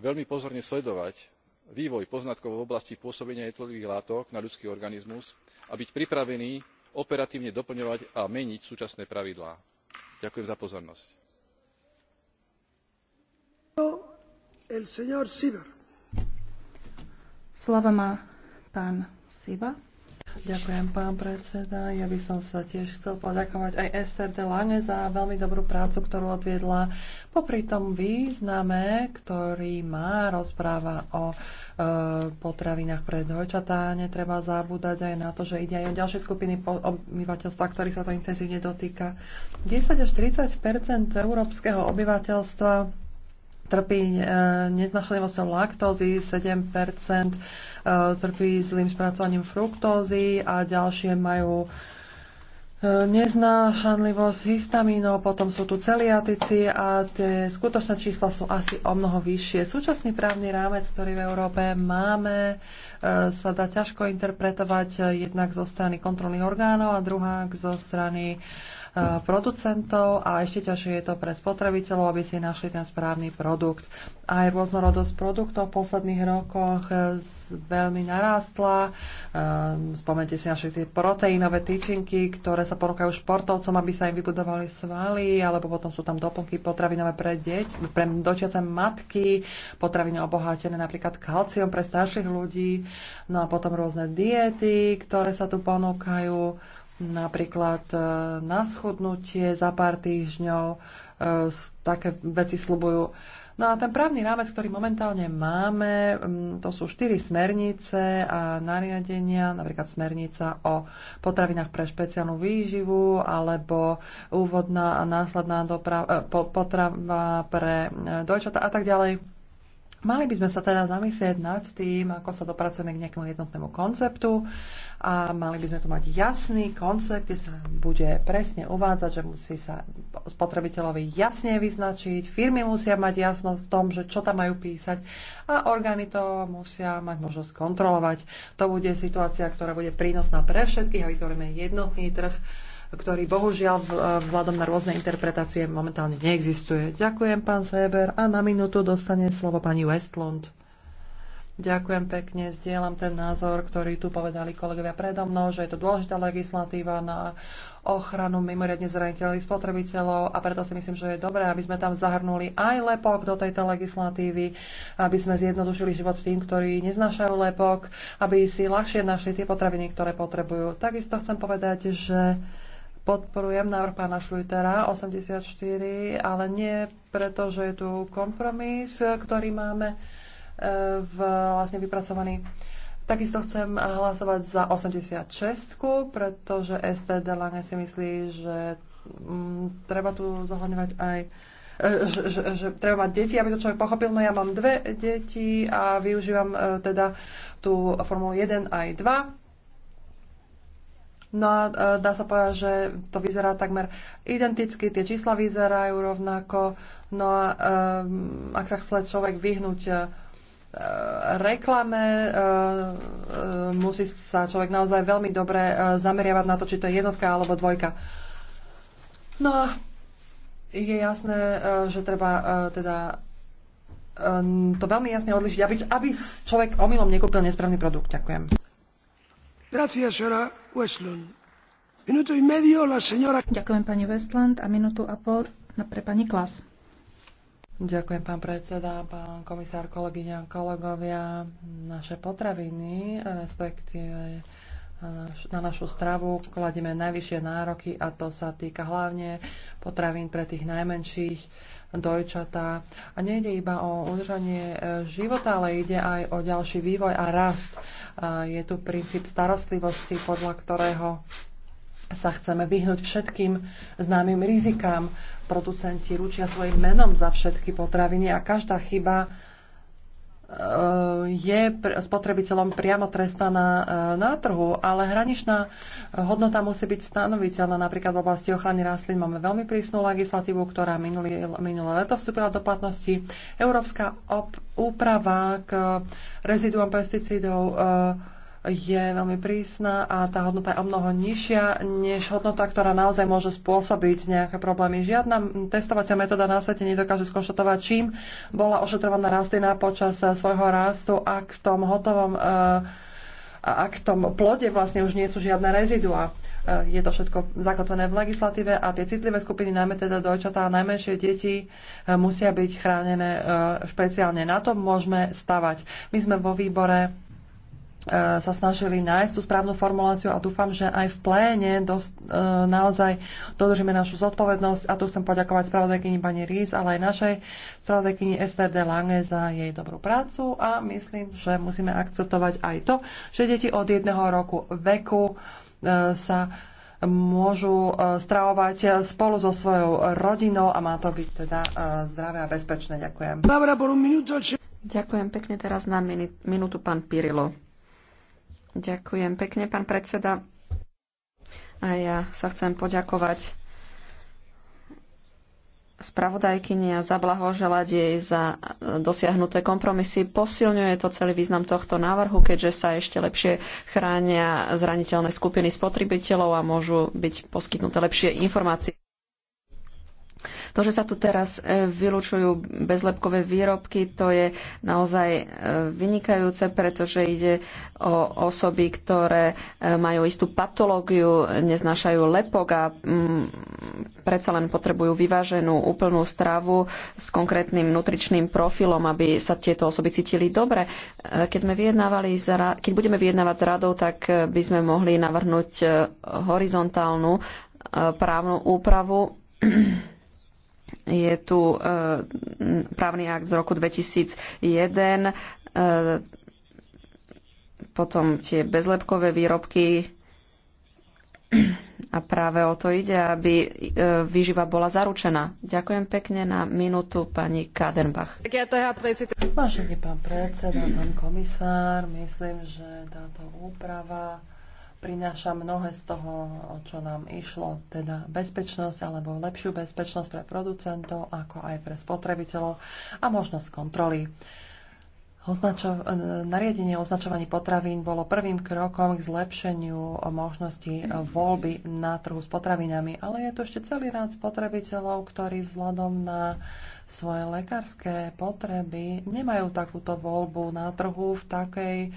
veľmi pozorne sledovať vývoj poznatkov v oblasti pôsobenia jednotlivých látok na ľudský organizmus a byť pripravený operatívne doplňovať a meniť súčasné pravidlá. ďakujem za pozornosť. Ďakujem, pán predseda. Ja by som sa tiež chcel poďakovať aj SRD de Lange za veľmi dobrú prácu, ktorú odviedla. Popri tom význame, ktorý má rozpráva o e, potravinách pre dojčatá, netreba zabúdať aj na to, že ide aj o ďalšie skupiny obyvateľstva, ktorých sa to intenzívne dotýka. 10 až 30 európskeho obyvateľstva trpí e, neznašlivosťou laktózy, 7 e, trpí zlým spracovaním fruktózy a ďalšie majú e, neznášanlivosť histamínov, potom sú tu celiatici a tie skutočné čísla sú asi o mnoho vyššie. Súčasný právny rámec, ktorý v Európe máme, sa dá ťažko interpretovať jednak zo strany kontrolných orgánov a druhá zo strany uh, Eh, producentov a ešte ťažšie je to pre spotrebiteľov, aby si našli ten správny produkt. Aj rôznorodosť produktov v posledných rokoch eh, veľmi narástla. Eh, spomente si naše tie proteínové tyčinky, ktoré sa ponúkajú športovcom, aby sa im vybudovali svaly, alebo potom sú tam doplnky potravinové pre, deť, pre dočiace matky, potraviny obohatené napríklad kalcium pre starších ľudí, no a potom rôzne diety, ktoré sa tu ponúkajú napríklad e, na schodnutie za pár týždňov, e, také veci slubujú. No a ten právny rámec, ktorý momentálne máme, to sú štyri smernice a nariadenia, napríklad smernica o potravinách pre špeciálnu výživu alebo úvodná a následná doprava, e, potrava pre dojčata a tak ďalej. Mali by sme sa teda zamyslieť nad tým, ako sa dopracujeme k nejakému jednotnému konceptu a mali by sme tu mať jasný koncept, kde sa bude presne uvádzať, že musí sa spotrebiteľovi jasne vyznačiť, firmy musia mať jasno v tom, že čo tam majú písať a orgány to musia mať možnosť kontrolovať. To bude situácia, ktorá bude prínosná pre všetkých a vytvoríme jednotný trh ktorý bohužiaľ eh, vzhľadom na rôzne interpretácie momentálne neexistuje. Ďakujem, pán Seber. A na minútu dostane slovo pani Westlund. Ďakujem pekne, zdieľam ten názor, ktorý tu povedali kolegovia predo mnou, že je to dôležitá legislatíva na ochranu mimoriadne zraniteľných spotrebiteľov a preto si myslím, že je dobré, aby sme tam zahrnuli aj lepok do tejto legislatívy, aby sme zjednodušili život tým, ktorí neznášajú lepok, aby si ľahšie našli tie potraviny, ktoré potrebujú. Takisto chcem povedať, že podporujem návrh pána Šlujtera 84, ale nie preto, že je tu kompromis, ktorý máme e, v, vlastne vypracovaný. Takisto chcem hlasovať za 86, pretože STD Lange si myslí, že m, mm, treba tu zohľadňovať aj e, že, že, že treba mať deti, aby to človek pochopil. No ja mám dve deti a využívam e, teda tú formulu 1 aj 2 No a e, dá sa povedať, že to vyzerá takmer identicky, tie čísla vyzerajú rovnako. No a um, ak sa chce človek vyhnúť e, reklame, musí sa človek naozaj veľmi dobre zameriavať na to, či to je jednotka alebo dvojka. No a je jasné, že treba teda to veľmi jasne odlišiť, aby, aby človek omylom nekúpil nesprávny produkt. Ďakujem. Ďakujem pani Westland a minútu a pol pre pani Klas. Ďakujem pán predseda, pán komisár, kolegyňa, kolegovia. Naše potraviny, respektíve eh, na našu stravu kladieme najvyššie nároky a to sa týka hlavne potravín pre tých najmenších dojčatá. A nejde iba o udržanie e, života, ale ide aj o ďalší vývoj a rast. Je tu princíp starostlivosti, podľa ktorého sa chceme vyhnúť všetkým známym rizikám. Producenti ručia svojim menom za všetky potraviny a každá chyba je spotrebiteľom priamo trestaná eh, na trhu, ale hraničná hodnota musí byť stanoviteľná. Napríklad v oblasti ochrany rastlín máme veľmi prísnu legislatívu, ktorá minulý, minulé leto vstúpila do platnosti. Európska úprava k reziduám pesticídov eh, je veľmi prísna a tá hodnota je o mnoho nižšia než hodnota, ktorá naozaj môže spôsobiť nejaké problémy. Žiadna testovacia metóda na svete nedokáže skonštatovať, čím bola ošetrovaná rastlina počas eh, svojho rastu, ak v tom hotovom eh, a k tom plode vlastne už nie sú žiadne rezidua. Eh, je to všetko zakotvené v legislatíve a tie citlivé skupiny, najmä teda dojčatá a najmenšie deti, musia byť chránené špeciálne. Na tom môžeme stavať. My sme vo výbore E, sa snažili nájsť tú správnu formuláciu a dúfam, že aj v pléne dosť, e, naozaj dodržíme našu zodpovednosť a tu chcem poďakovať spravodajkyni pani Rís, ale aj našej spravodajkyni SRD Lange za jej dobrú prácu a myslím, že musíme akceptovať aj to, že deti od jedného roku veku e, sa môžu e, stravovať spolu so svojou rodinou a má to byť teda e, zdravé a bezpečné. Ďakujem. Ďakujem pekne teraz na minútu pán Pirilo. Ďakujem pekne, pán predseda. A ja sa chcem poďakovať spravodajkyni a zablahoželať jej za dosiahnuté kompromisy. Posilňuje to celý význam tohto návrhu, keďže sa ešte lepšie chránia zraniteľné skupiny spotrebiteľov a môžu byť poskytnuté lepšie informácie. To, že sa tu teraz e, vylúčujú bezlepkové výrobky, to je naozaj e, vynikajúce, pretože ide o osoby, ktoré e, majú istú patológiu, neznášajú lepok a mm, predsa len potrebujú vyváženú úplnú stravu s konkrétnym nutričným profilom, aby sa tieto osoby cítili dobre. Keď, sme vyjednávali keď budeme vyjednávať s radou, tak by sme mohli navrhnúť horizontálnu právnu úpravu Je tu e, právny akt z roku 2001, e, potom tie bezlepkové výrobky a práve o to ide, aby e, výživa bola zaručená. Ďakujem pekne na minútu pani Kadenbach. Vážený pán predseda, pán komisár, myslím, že táto úprava prináša mnohé z toho, o čo nám išlo, teda bezpečnosť alebo lepšiu bezpečnosť pre producentov, ako aj pre spotrebiteľov a možnosť kontroly. Označo- e, nariadenie o označovaní potravín bolo prvým krokom k zlepšeniu možnosti e, voľby na trhu s potravinami, ale je tu ešte celý rád spotrebiteľov, ktorí vzhľadom na svoje lekárske potreby nemajú takúto voľbu na trhu v takej e,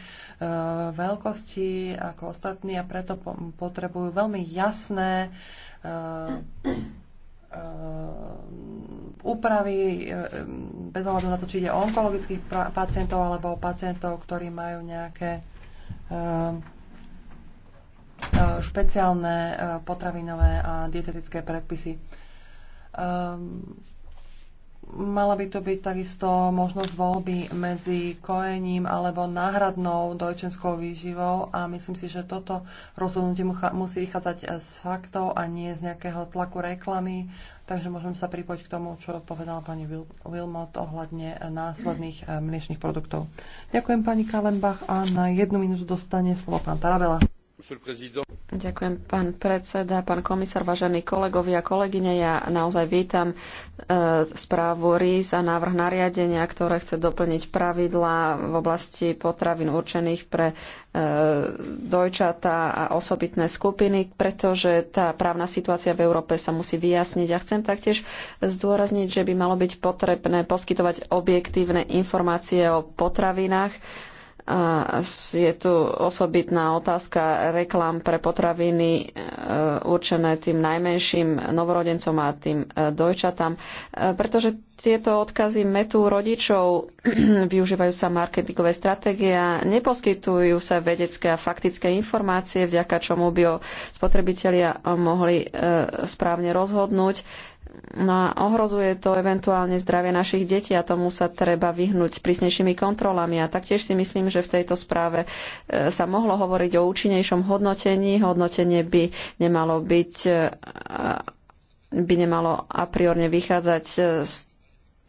veľkosti ako ostatní a preto po- potrebujú veľmi jasné e, Eh, úpravy eh, bez ohľadu na to, či ide o onkologických pacientov alebo o pacientov, ktorí majú nejaké eh, špeciálne potravinové a dietetické predpisy. Ehm, Mala by to byť takisto možnosť voľby medzi kojením alebo náhradnou dojčenskou výživou a myslím si, že toto rozhodnutie musí vychádzať z faktov a nie z nejakého tlaku reklamy. Takže môžem sa pripojiť k tomu, čo povedala pani Wilmot ohľadne následných eh, mliečných produktov. Ďakujem pani Kalenbach a na jednu minútu dostane slovo pán Tarabela. Ďakujem, pán predseda, pán komisár, vážení kolegovia a kolegyne. Ja naozaj vítam e, správu RIS a návrh nariadenia, ktoré chce doplniť pravidlá v oblasti potravín určených pre e, dojčata a osobitné skupiny, pretože tá právna situácia v Európe sa musí vyjasniť. A chcem taktiež zdôrazniť, že by malo byť potrebné poskytovať objektívne informácie o potravinách, a je tu osobitná otázka reklám pre potraviny e, určené tým najmenším novorodencom a tým e, dojčatám, e, pretože tieto odkazy metú rodičov, využívajú sa marketingové stratégie a neposkytujú sa vedecké a faktické informácie, vďaka čomu by spotrebitelia mohli správne rozhodnúť No a ohrozuje to eventuálne zdravie našich detí a tomu sa treba vyhnúť prísnejšími kontrolami. A taktiež si myslím, že v tejto správe e, sa mohlo hovoriť o účinnejšom hodnotení. Hodnotenie by nemalo byť e, by nemalo a priorne vychádzať e, z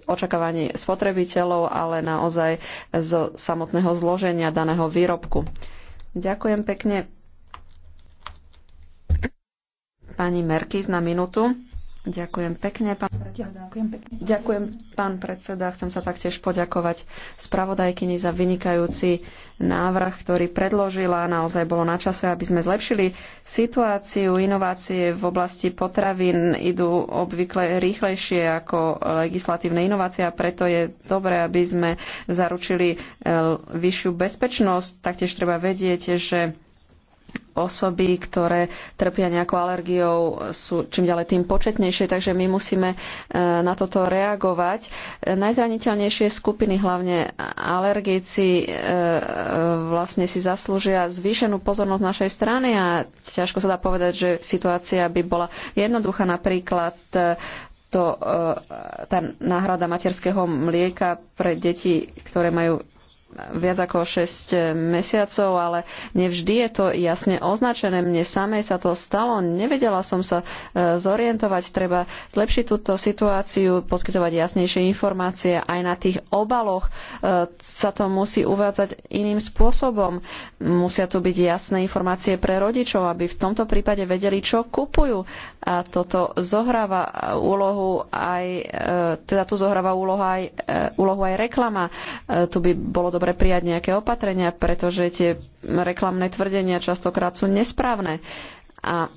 očakávaní spotrebiteľov, ale naozaj z samotného zloženia daného výrobku. Ďakujem pekne pani Merky na minútu. Ďakujem pekne, pán Ďakujem, pekne. Ďakujem, pán predseda. Chcem sa taktiež poďakovať spravodajkyni za vynikajúci návrh, ktorý predložila. Naozaj bolo na čase, aby sme zlepšili situáciu. Inovácie v oblasti potravín idú obvykle rýchlejšie ako legislatívne inovácie a preto je dobré, aby sme zaručili eh, vyššiu bezpečnosť. Taktiež treba vedieť, že osoby, ktoré trpia nejakou alergiou, sú čím ďalej tým početnejšie, takže my musíme e, na toto reagovať. Najzraniteľnejšie skupiny, hlavne alergici, e, e, vlastne si zaslúžia zvýšenú pozornosť našej strany a ťažko sa dá povedať, že situácia by bola jednoduchá. Napríklad to, tá náhrada materského mlieka pre deti, ktoré majú viac ako 6 mesiacov, ale nevždy je to jasne označené. Mne samej sa to stalo, nevedela som sa e, zorientovať. Treba zlepšiť túto situáciu, poskytovať jasnejšie informácie. Aj na tých obaloch e, sa to musí uvádzať iným spôsobom. Musia tu byť jasné informácie pre rodičov, aby v tomto prípade vedeli, čo kupujú. A toto zohráva úlohu aj, e, teda tu zohráva úlohu aj, úlohu aj reklama. Tu by bolo dobre prijať nejaké opatrenia, pretože tie reklamné tvrdenia častokrát sú nesprávne. A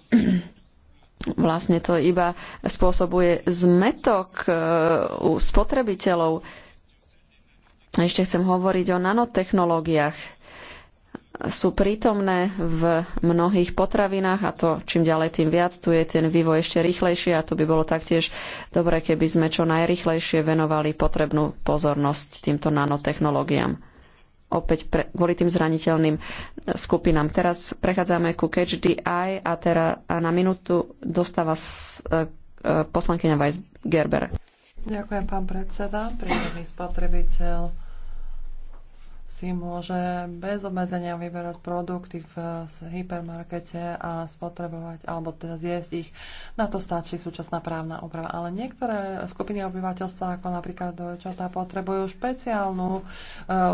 vlastne to iba spôsobuje zmetok e, u spotrebiteľov. Ešte chcem hovoriť o nanotechnológiách. Sú prítomné v mnohých potravinách a to čím ďalej tým viac, tu je ten vývoj ešte rýchlejší a to by bolo taktiež dobre, keby sme čo najrychlejšie venovali potrebnú pozornosť týmto nanotechnológiám opäť pre, kvôli tým zraniteľným skupinám. Teraz prechádzame ku Catch the Eye a, teda, a na minútu dostáva s, e, e, poslankyňa Weiss Gerber. Ďakujem, pán predseda. Prírodný spotrebiteľ si môže bez obmedzenia vyberať produkty v hypermarkete a spotrebovať, alebo teda zjesť ich. Na to stačí súčasná právna úprava. Ale niektoré skupiny obyvateľstva, ako napríklad dojčatá, potrebujú špeciálnu e,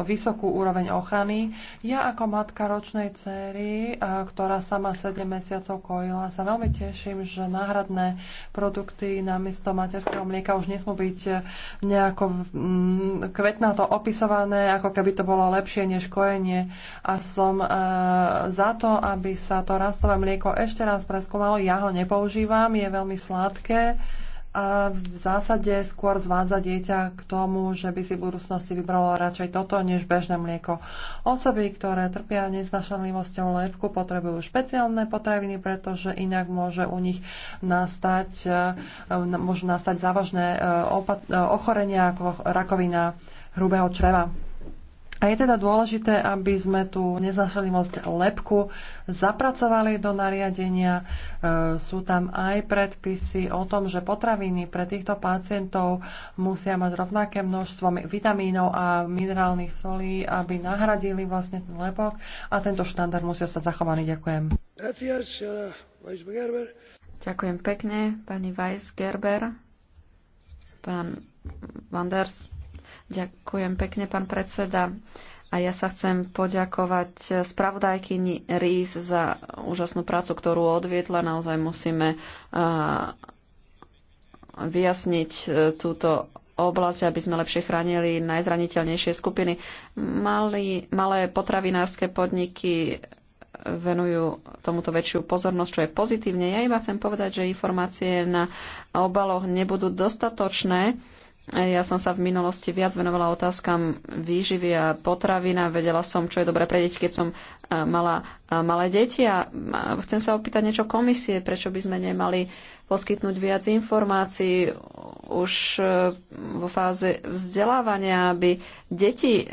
vysokú úroveň ochrany. Ja ako matka ročnej cery, e, ktorá sama 7 mesiacov kojila, sa veľmi teším, že náhradné produkty namiesto materského mlieka už nesmú byť e, nejako mm, kvetná to opisované, ako keby to bolo lepšie než kojenie a som e, za to, aby sa to rastové mlieko ešte raz preskúmalo. Ja ho nepoužívam, je veľmi sladké a v zásade skôr zvádza dieťa k tomu, že by si v budúcnosti vybralo radšej toto než bežné mlieko. Osoby, ktoré trpia neznašanlivosťou lepku, potrebujú špeciálne potraviny, pretože inak môže u nich nastať, e, môžu nastať závažné e, e, ochorenia ako rakovina hrubého čreva. A je teda dôležité, aby sme tú nezašelivosť lepku zapracovali do nariadenia. E, sú tam aj predpisy o tom, že potraviny pre týchto pacientov musia mať rovnaké množstvo vitamínov a minerálnych solí, aby nahradili vlastne ten lepok a tento štandard musí sa zachovaný. Ďakujem. Ďakujem pekne, pani Gerber, Pán Vanders. Ďakujem pekne, pán predseda. A ja sa chcem poďakovať spravodajkyni Rís za úžasnú prácu, ktorú odvietla. Naozaj musíme vyjasniť e, túto oblasť, aby sme lepšie chránili najzraniteľnejšie skupiny. Mali, malé potravinárske podniky venujú tomuto väčšiu pozornosť, čo je pozitívne. Ja iba chcem povedať, že informácie na obaloch nebudú dostatočné ja som sa v minulosti viac venovala otázkam výživy a potravina. Vedela som, čo je dobré pre deti, keď som e, mala e, malé deti. A chcem sa opýtať niečo komisie, prečo by sme nemali poskytnúť viac informácií už e, vo fáze vzdelávania, aby deti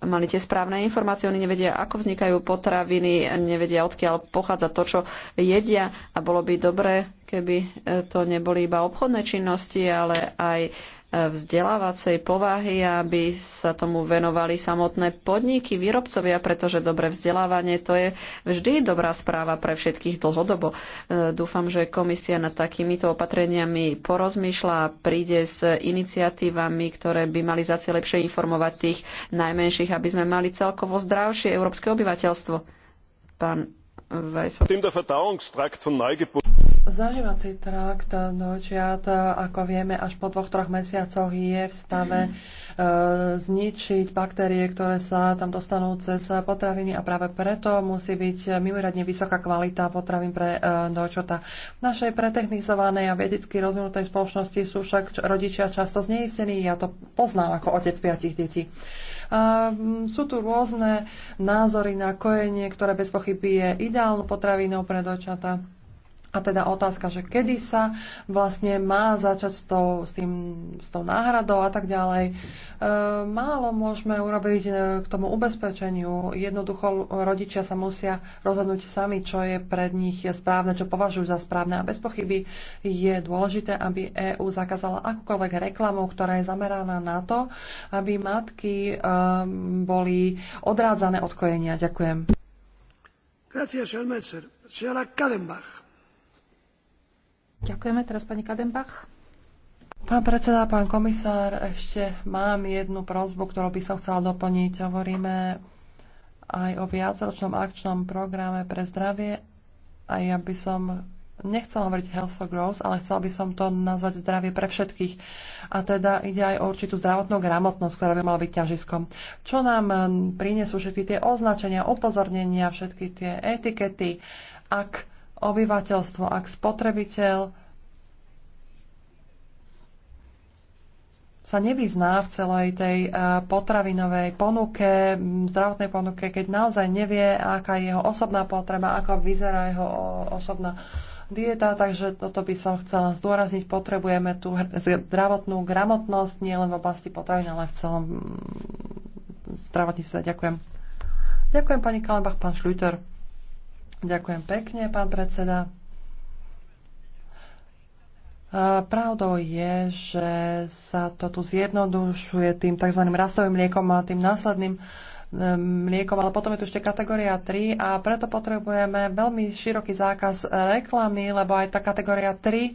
mali tie správne informácie, oni nevedia, ako vznikajú potraviny, nevedia, odkiaľ pochádza to, čo jedia a bolo by dobré keby e, to neboli iba obchodné činnosti, ale aj e, vzdelávacej povahy, aby sa tomu venovali samotné podniky, výrobcovia, pretože dobré vzdelávanie to je vždy dobrá správa pre všetkých dlhodobo. E, dúfam, že komisia nad takýmito opatreniami porozmýšľa a príde s iniciatívami, ktoré by mali za cieľ lepšie informovať tých najmenších, aby sme mali celkovo zdravšie európske obyvateľstvo. Pán Zažívací trakt dojčiat, eh, no, eh, ako vieme, až po dvoch, troch mesiacoch je v stave mm. Eh, zničiť baktérie, ktoré sa tam dostanú cez potraviny a práve preto musí byť mimoriadne vysoká kvalita potravín pre dojčota. V našej pretechnizovanej a vedecky rozvinutej spoločnosti sú však rodičia často zneistení, ja to poznám ako otec piatich detí. A mm, sú tu rôzne názory na kojenie, ktoré bez pochyby je ideálnou potravinou pre dojčata a teda otázka, že kedy sa vlastne má začať s tou, s tým, s tou náhradou a tak ďalej. E, málo môžeme urobiť e, k tomu ubezpečeniu. Jednoducho rodičia sa musia rozhodnúť sami, čo je pred nich správne, čo považujú za správne. A bez pochyby je dôležité, aby EÚ zakázala akúkoľvek reklamu, ktorá je zameraná na to, aby matky e, boli odrádzané od kojenia. Ďakujem. Gracias, Señora Kadenbach. Ďakujeme. Teraz pani Kadenbach. Pán predseda, pán komisár, ešte mám jednu prozbu, ktorú by som chcela doplniť. Hovoríme aj o viacročnom akčnom programe pre zdravie a ja by som nechcela hovoriť health for growth, ale chcela by som to nazvať zdravie pre všetkých. A teda ide aj o určitú zdravotnú gramotnosť, ktorá by mala byť ťažiskom. Čo nám prinesú všetky tie označenia, upozornenia, všetky tie etikety, ak obyvateľstvo, ak spotrebiteľ sa nevyzná v celej tej e, potravinovej ponuke, zdravotnej ponuke, keď naozaj nevie, aká je jeho osobná potreba, ako vyzerá jeho osobná dieta, takže toto by som chcela zdôrazniť. Potrebujeme tú zdravotnú gramotnosť nielen v oblasti potravín, ale v celom zdravotníctve. Ďakujem. Ďakujem pani Kalenbach, pán Šľúter. Ďakujem pekne, pán predseda. Pravdou je, že sa to tu zjednodušuje tým tzv. rastovým liekom a tým následným mliekom, ale potom je tu ešte kategória 3 a preto potrebujeme veľmi široký zákaz reklamy, lebo aj tá kategória 3, e,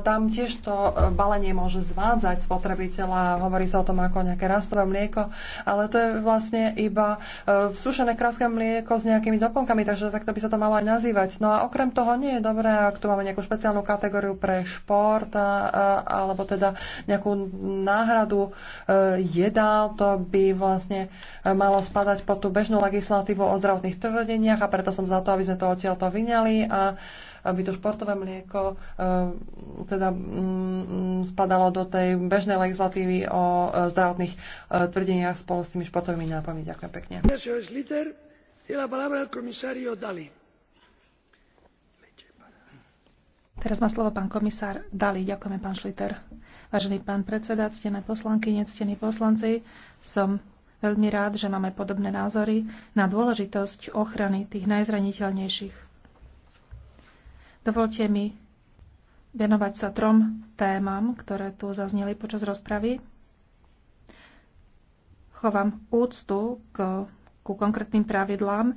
tam tiež to balenie môže zvádzať spotrebiteľa, hovorí sa o tom ako nejaké rastové mlieko, ale to je vlastne iba vsúšené e, krávské mlieko s nejakými doplnkami, takže takto by sa to malo aj nazývať. No a okrem toho nie je dobré, ak tu máme nejakú špeciálnu kategóriu pre šport alebo teda nejakú náhradu e, jedál, to by vlastne malo malo spadať pod tú bežnú legislatívu o zdravotných tvrdeniach a preto som za to, aby sme to odtiaľto vyňali a aby to športové mlieko e, teda mm, mm, spadalo do tej bežnej legislatívy o e, zdravotných e, tvrdeniach spolu s tými športovými nápami. Ďakujem pekne. Teraz má slovo pán komisár Dali. Ďakujeme, pán Šliter. Vážený pán predseda, ctené poslanky, nectení poslanci, som veľmi rád, že máme podobné názory na dôležitosť ochrany tých najzraniteľnejších. Dovolte mi venovať sa trom témam, ktoré tu zazneli počas rozpravy. Chovám úctu k, ku konkrétnym pravidlám,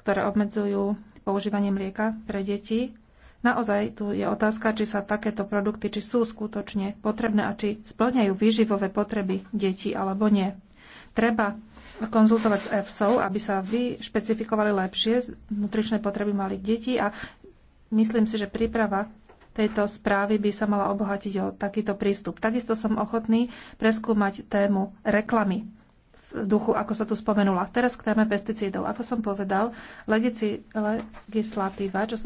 ktoré obmedzujú používanie mlieka pre deti. Naozaj tu je otázka, či sa takéto produkty, či sú skutočne potrebné a či splňajú výživové potreby detí alebo nie. Treba konzultovať s EFSO, aby sa vyšpecifikovali lepšie nutričné potreby malých detí a myslím si, že príprava tejto správy by sa mala obohatiť o takýto prístup. Takisto som ochotný preskúmať tému reklamy v duchu, ako sa tu spomenula. Teraz k téme pesticídov. Ako som povedal, legici, legislatíva, čo,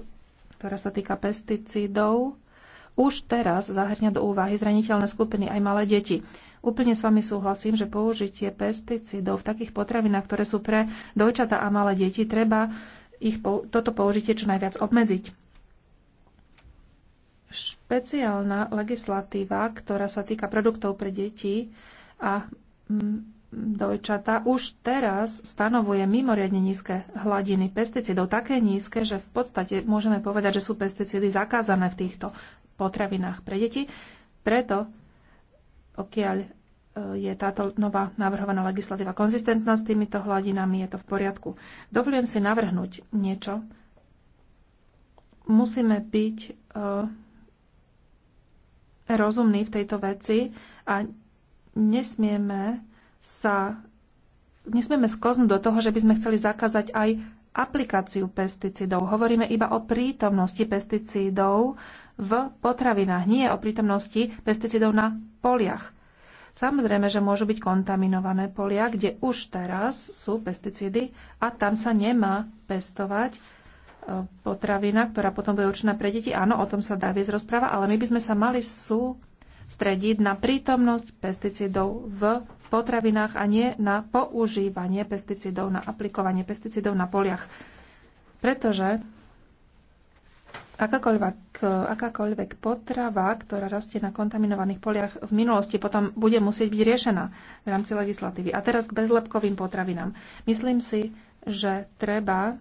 ktorá sa týka pesticídov, už teraz zahrňa do úvahy zraniteľné skupiny aj malé deti. Úplne s vami súhlasím, že použitie pesticídov v takých potravinách, ktoré sú pre dojčata a malé deti, treba ich, toto použitie čo najviac obmedziť. Špeciálna legislatíva, ktorá sa týka produktov pre deti a mm, dojčata, už teraz stanovuje mimoriadne nízke hladiny pesticidov, také nízke, že v podstate môžeme povedať, že sú pesticídy zakázané v týchto potravinách pre deti. Preto pokiaľ e, je táto nová navrhovaná legislatíva konzistentná s týmito hladinami, je to v poriadku. Dovolujem si navrhnúť niečo. Musíme byť e, rozumní v tejto veci a nesmieme sa nesmieme sklznúť do toho, že by sme chceli zakázať aj aplikáciu pesticídov. Hovoríme iba o prítomnosti pesticídov v potravinách, nie o prítomnosti pesticidov na poliach. Samozrejme, že môžu byť kontaminované polia, kde už teraz sú pesticídy a tam sa nemá pestovať e, potravina, ktorá potom bude určená pre deti. Áno, o tom sa dá viesť rozpráva, ale my by sme sa mali sústrediť na prítomnosť pesticidov v potravinách a nie na používanie pesticidov, na aplikovanie pesticidov na poliach. Pretože Akákoľvek, akákoľvek potrava, ktorá rastie na kontaminovaných poliach v minulosti, potom bude musieť byť riešená v rámci legislatívy. A teraz k bezlepkovým potravinám. Myslím si, že treba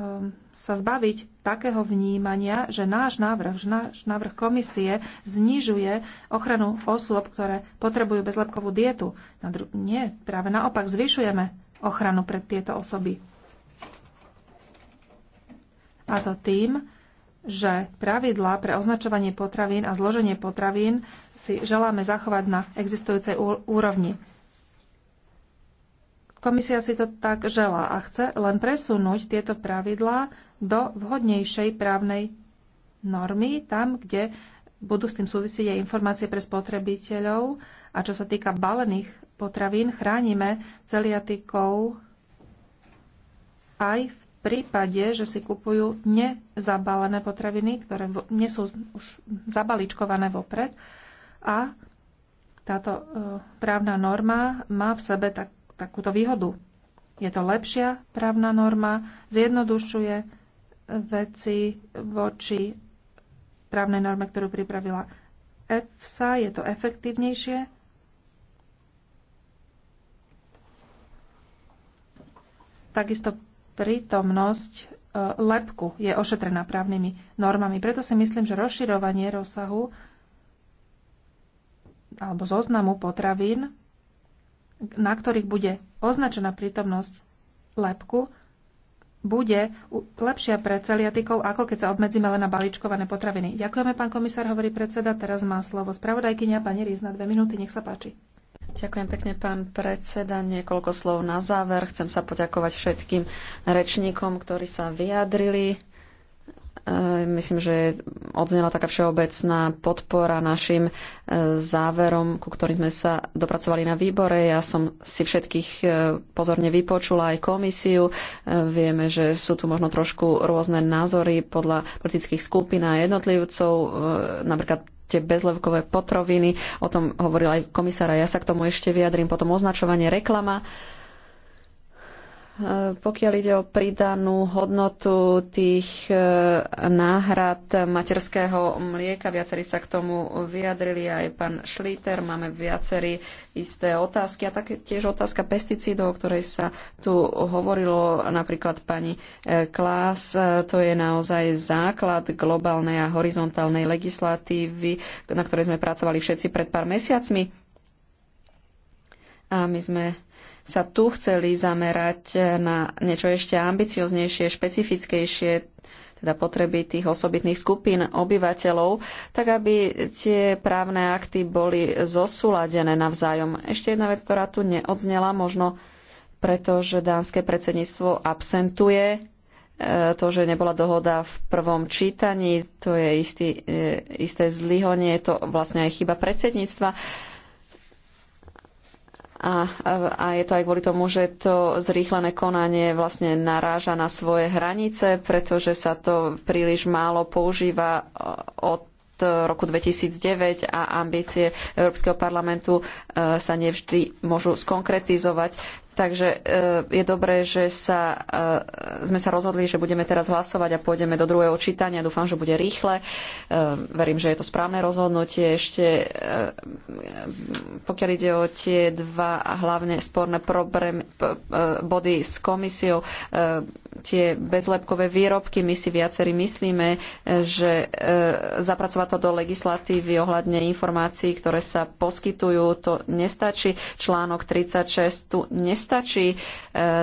um, sa zbaviť takého vnímania, že náš návrh, že náš návrh komisie znižuje ochranu osôb, ktoré potrebujú bezlepkovú dietu. Nie, práve naopak zvyšujeme ochranu pre tieto osoby. A to tým, že pravidlá pre označovanie potravín a zloženie potravín si želáme zachovať na existujúcej úrovni. Komisia si to tak želá a chce len presunúť tieto pravidlá do vhodnejšej právnej normy, tam, kde budú s tým súvisieť aj informácie pre spotrebiteľov. A čo sa týka balených potravín, chránime celiatikov aj v prípade, že si kupujú nezabalené potraviny, ktoré nie sú už zabaličkované vopred. A táto e, právna norma má v sebe tak, takúto výhodu. Je to lepšia právna norma, zjednodušuje e, veci voči právnej norme, ktorú pripravila EFSA, je to efektívnejšie, Takisto prítomnosť e, lepku je ošetrená právnymi normami. Preto si myslím, že rozširovanie rozsahu alebo zoznamu potravín, na ktorých bude označená prítomnosť lepku, bude lepšia pre celiatikov, ako keď sa obmedzíme len na balíčkované potraviny. Ďakujeme, pán komisár, hovorí predseda. Teraz má slovo spravodajkynia pani Rizna. Dve minúty, nech sa páči. Ďakujem pekne, pán predseda. Niekoľko slov na záver. Chcem sa poďakovať všetkým rečníkom, ktorí sa vyjadrili. E, myslím, že odznela taká všeobecná podpora našim e, záverom, ku ktorým sme sa dopracovali na výbore. Ja som si všetkých e, pozorne vypočula aj komisiu. Vieme, že sú tu možno trošku rôzne názory podľa politických skupín a jednotlivcov. Napríklad tie bezlevkové potroviny. O tom hovorila aj komisára, ja sa k tomu ešte vyjadrím. Potom označovanie reklama Eh, pokiaľ ide o pridanú hodnotu tých eh, náhrad materského mlieka, viacerí sa k tomu vyjadrili, aj pán Šlíter, máme viacerí isté otázky a tak tiež otázka pesticídov, o ktorej sa tu hovorilo napríklad pani eh, Klás, to je naozaj základ globálnej a horizontálnej legislatívy, na ktorej sme pracovali všetci pred pár mesiacmi. A my sme sa tu chceli zamerať na niečo ešte ambicioznejšie, špecifickejšie, teda potreby tých osobitných skupín obyvateľov, tak aby tie právne akty boli zosúladené navzájom. Ešte jedna vec, ktorá tu neodznela, možno preto, že dánske predsedníctvo absentuje e, to, že nebola dohoda v prvom čítaní, to je istý, e, isté zlyhonie, je to vlastne aj chyba predsedníctva a, a je to aj kvôli tomu, že to zrýchlené konanie vlastne naráža na svoje hranice, pretože sa to príliš málo používa e, od roku 2009 a ambície Európskeho parlamentu e, sa nevždy môžu skonkretizovať. Takže e, je dobré, že sa, e, sme sa rozhodli, že budeme teraz hlasovať a pôjdeme do druhého čítania. Dúfam, že bude rýchle. E, verím, že je to správne rozhodnutie. Ešte pokiaľ ide o tie dva a hlavne sporné problémy, body s komisiou, tie bezlepkové výrobky. My si viacerí myslíme, e, že e, zapracovať to do legislatívy ohľadne informácií, ktoré sa poskytujú, to nestačí. Článok 36 tu nestačí e,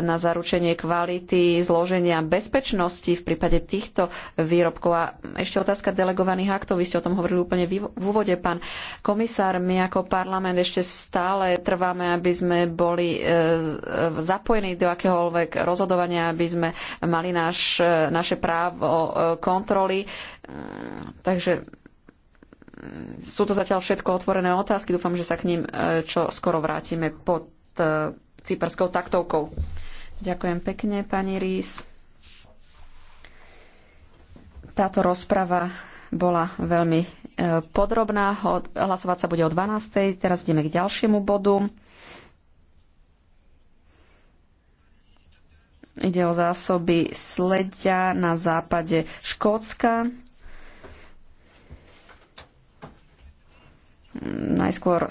na zaručenie kvality, zloženia bezpečnosti v prípade týchto výrobkov. A ešte otázka delegovaných aktov. Vy ste o tom hovorili úplne v úvode, pán komisár. My ako parlament ešte stále trváme, aby sme boli zapojení do akéhoľvek rozhodovania, aby sme mali naš, naše právo e, kontroly. E, takže mm, sú to zatiaľ všetko otvorené otázky. Dúfam, že sa k ním e, čo skoro vrátime pod cyperskou taktovkou. Ďakujem pekne, pani Rís. Táto rozprava bola veľmi podrobná. Hlasovať sa bude o 12. Teraz ideme k ďalšiemu bodu. Ide o zásoby sledia na západe Škótska. Najskôr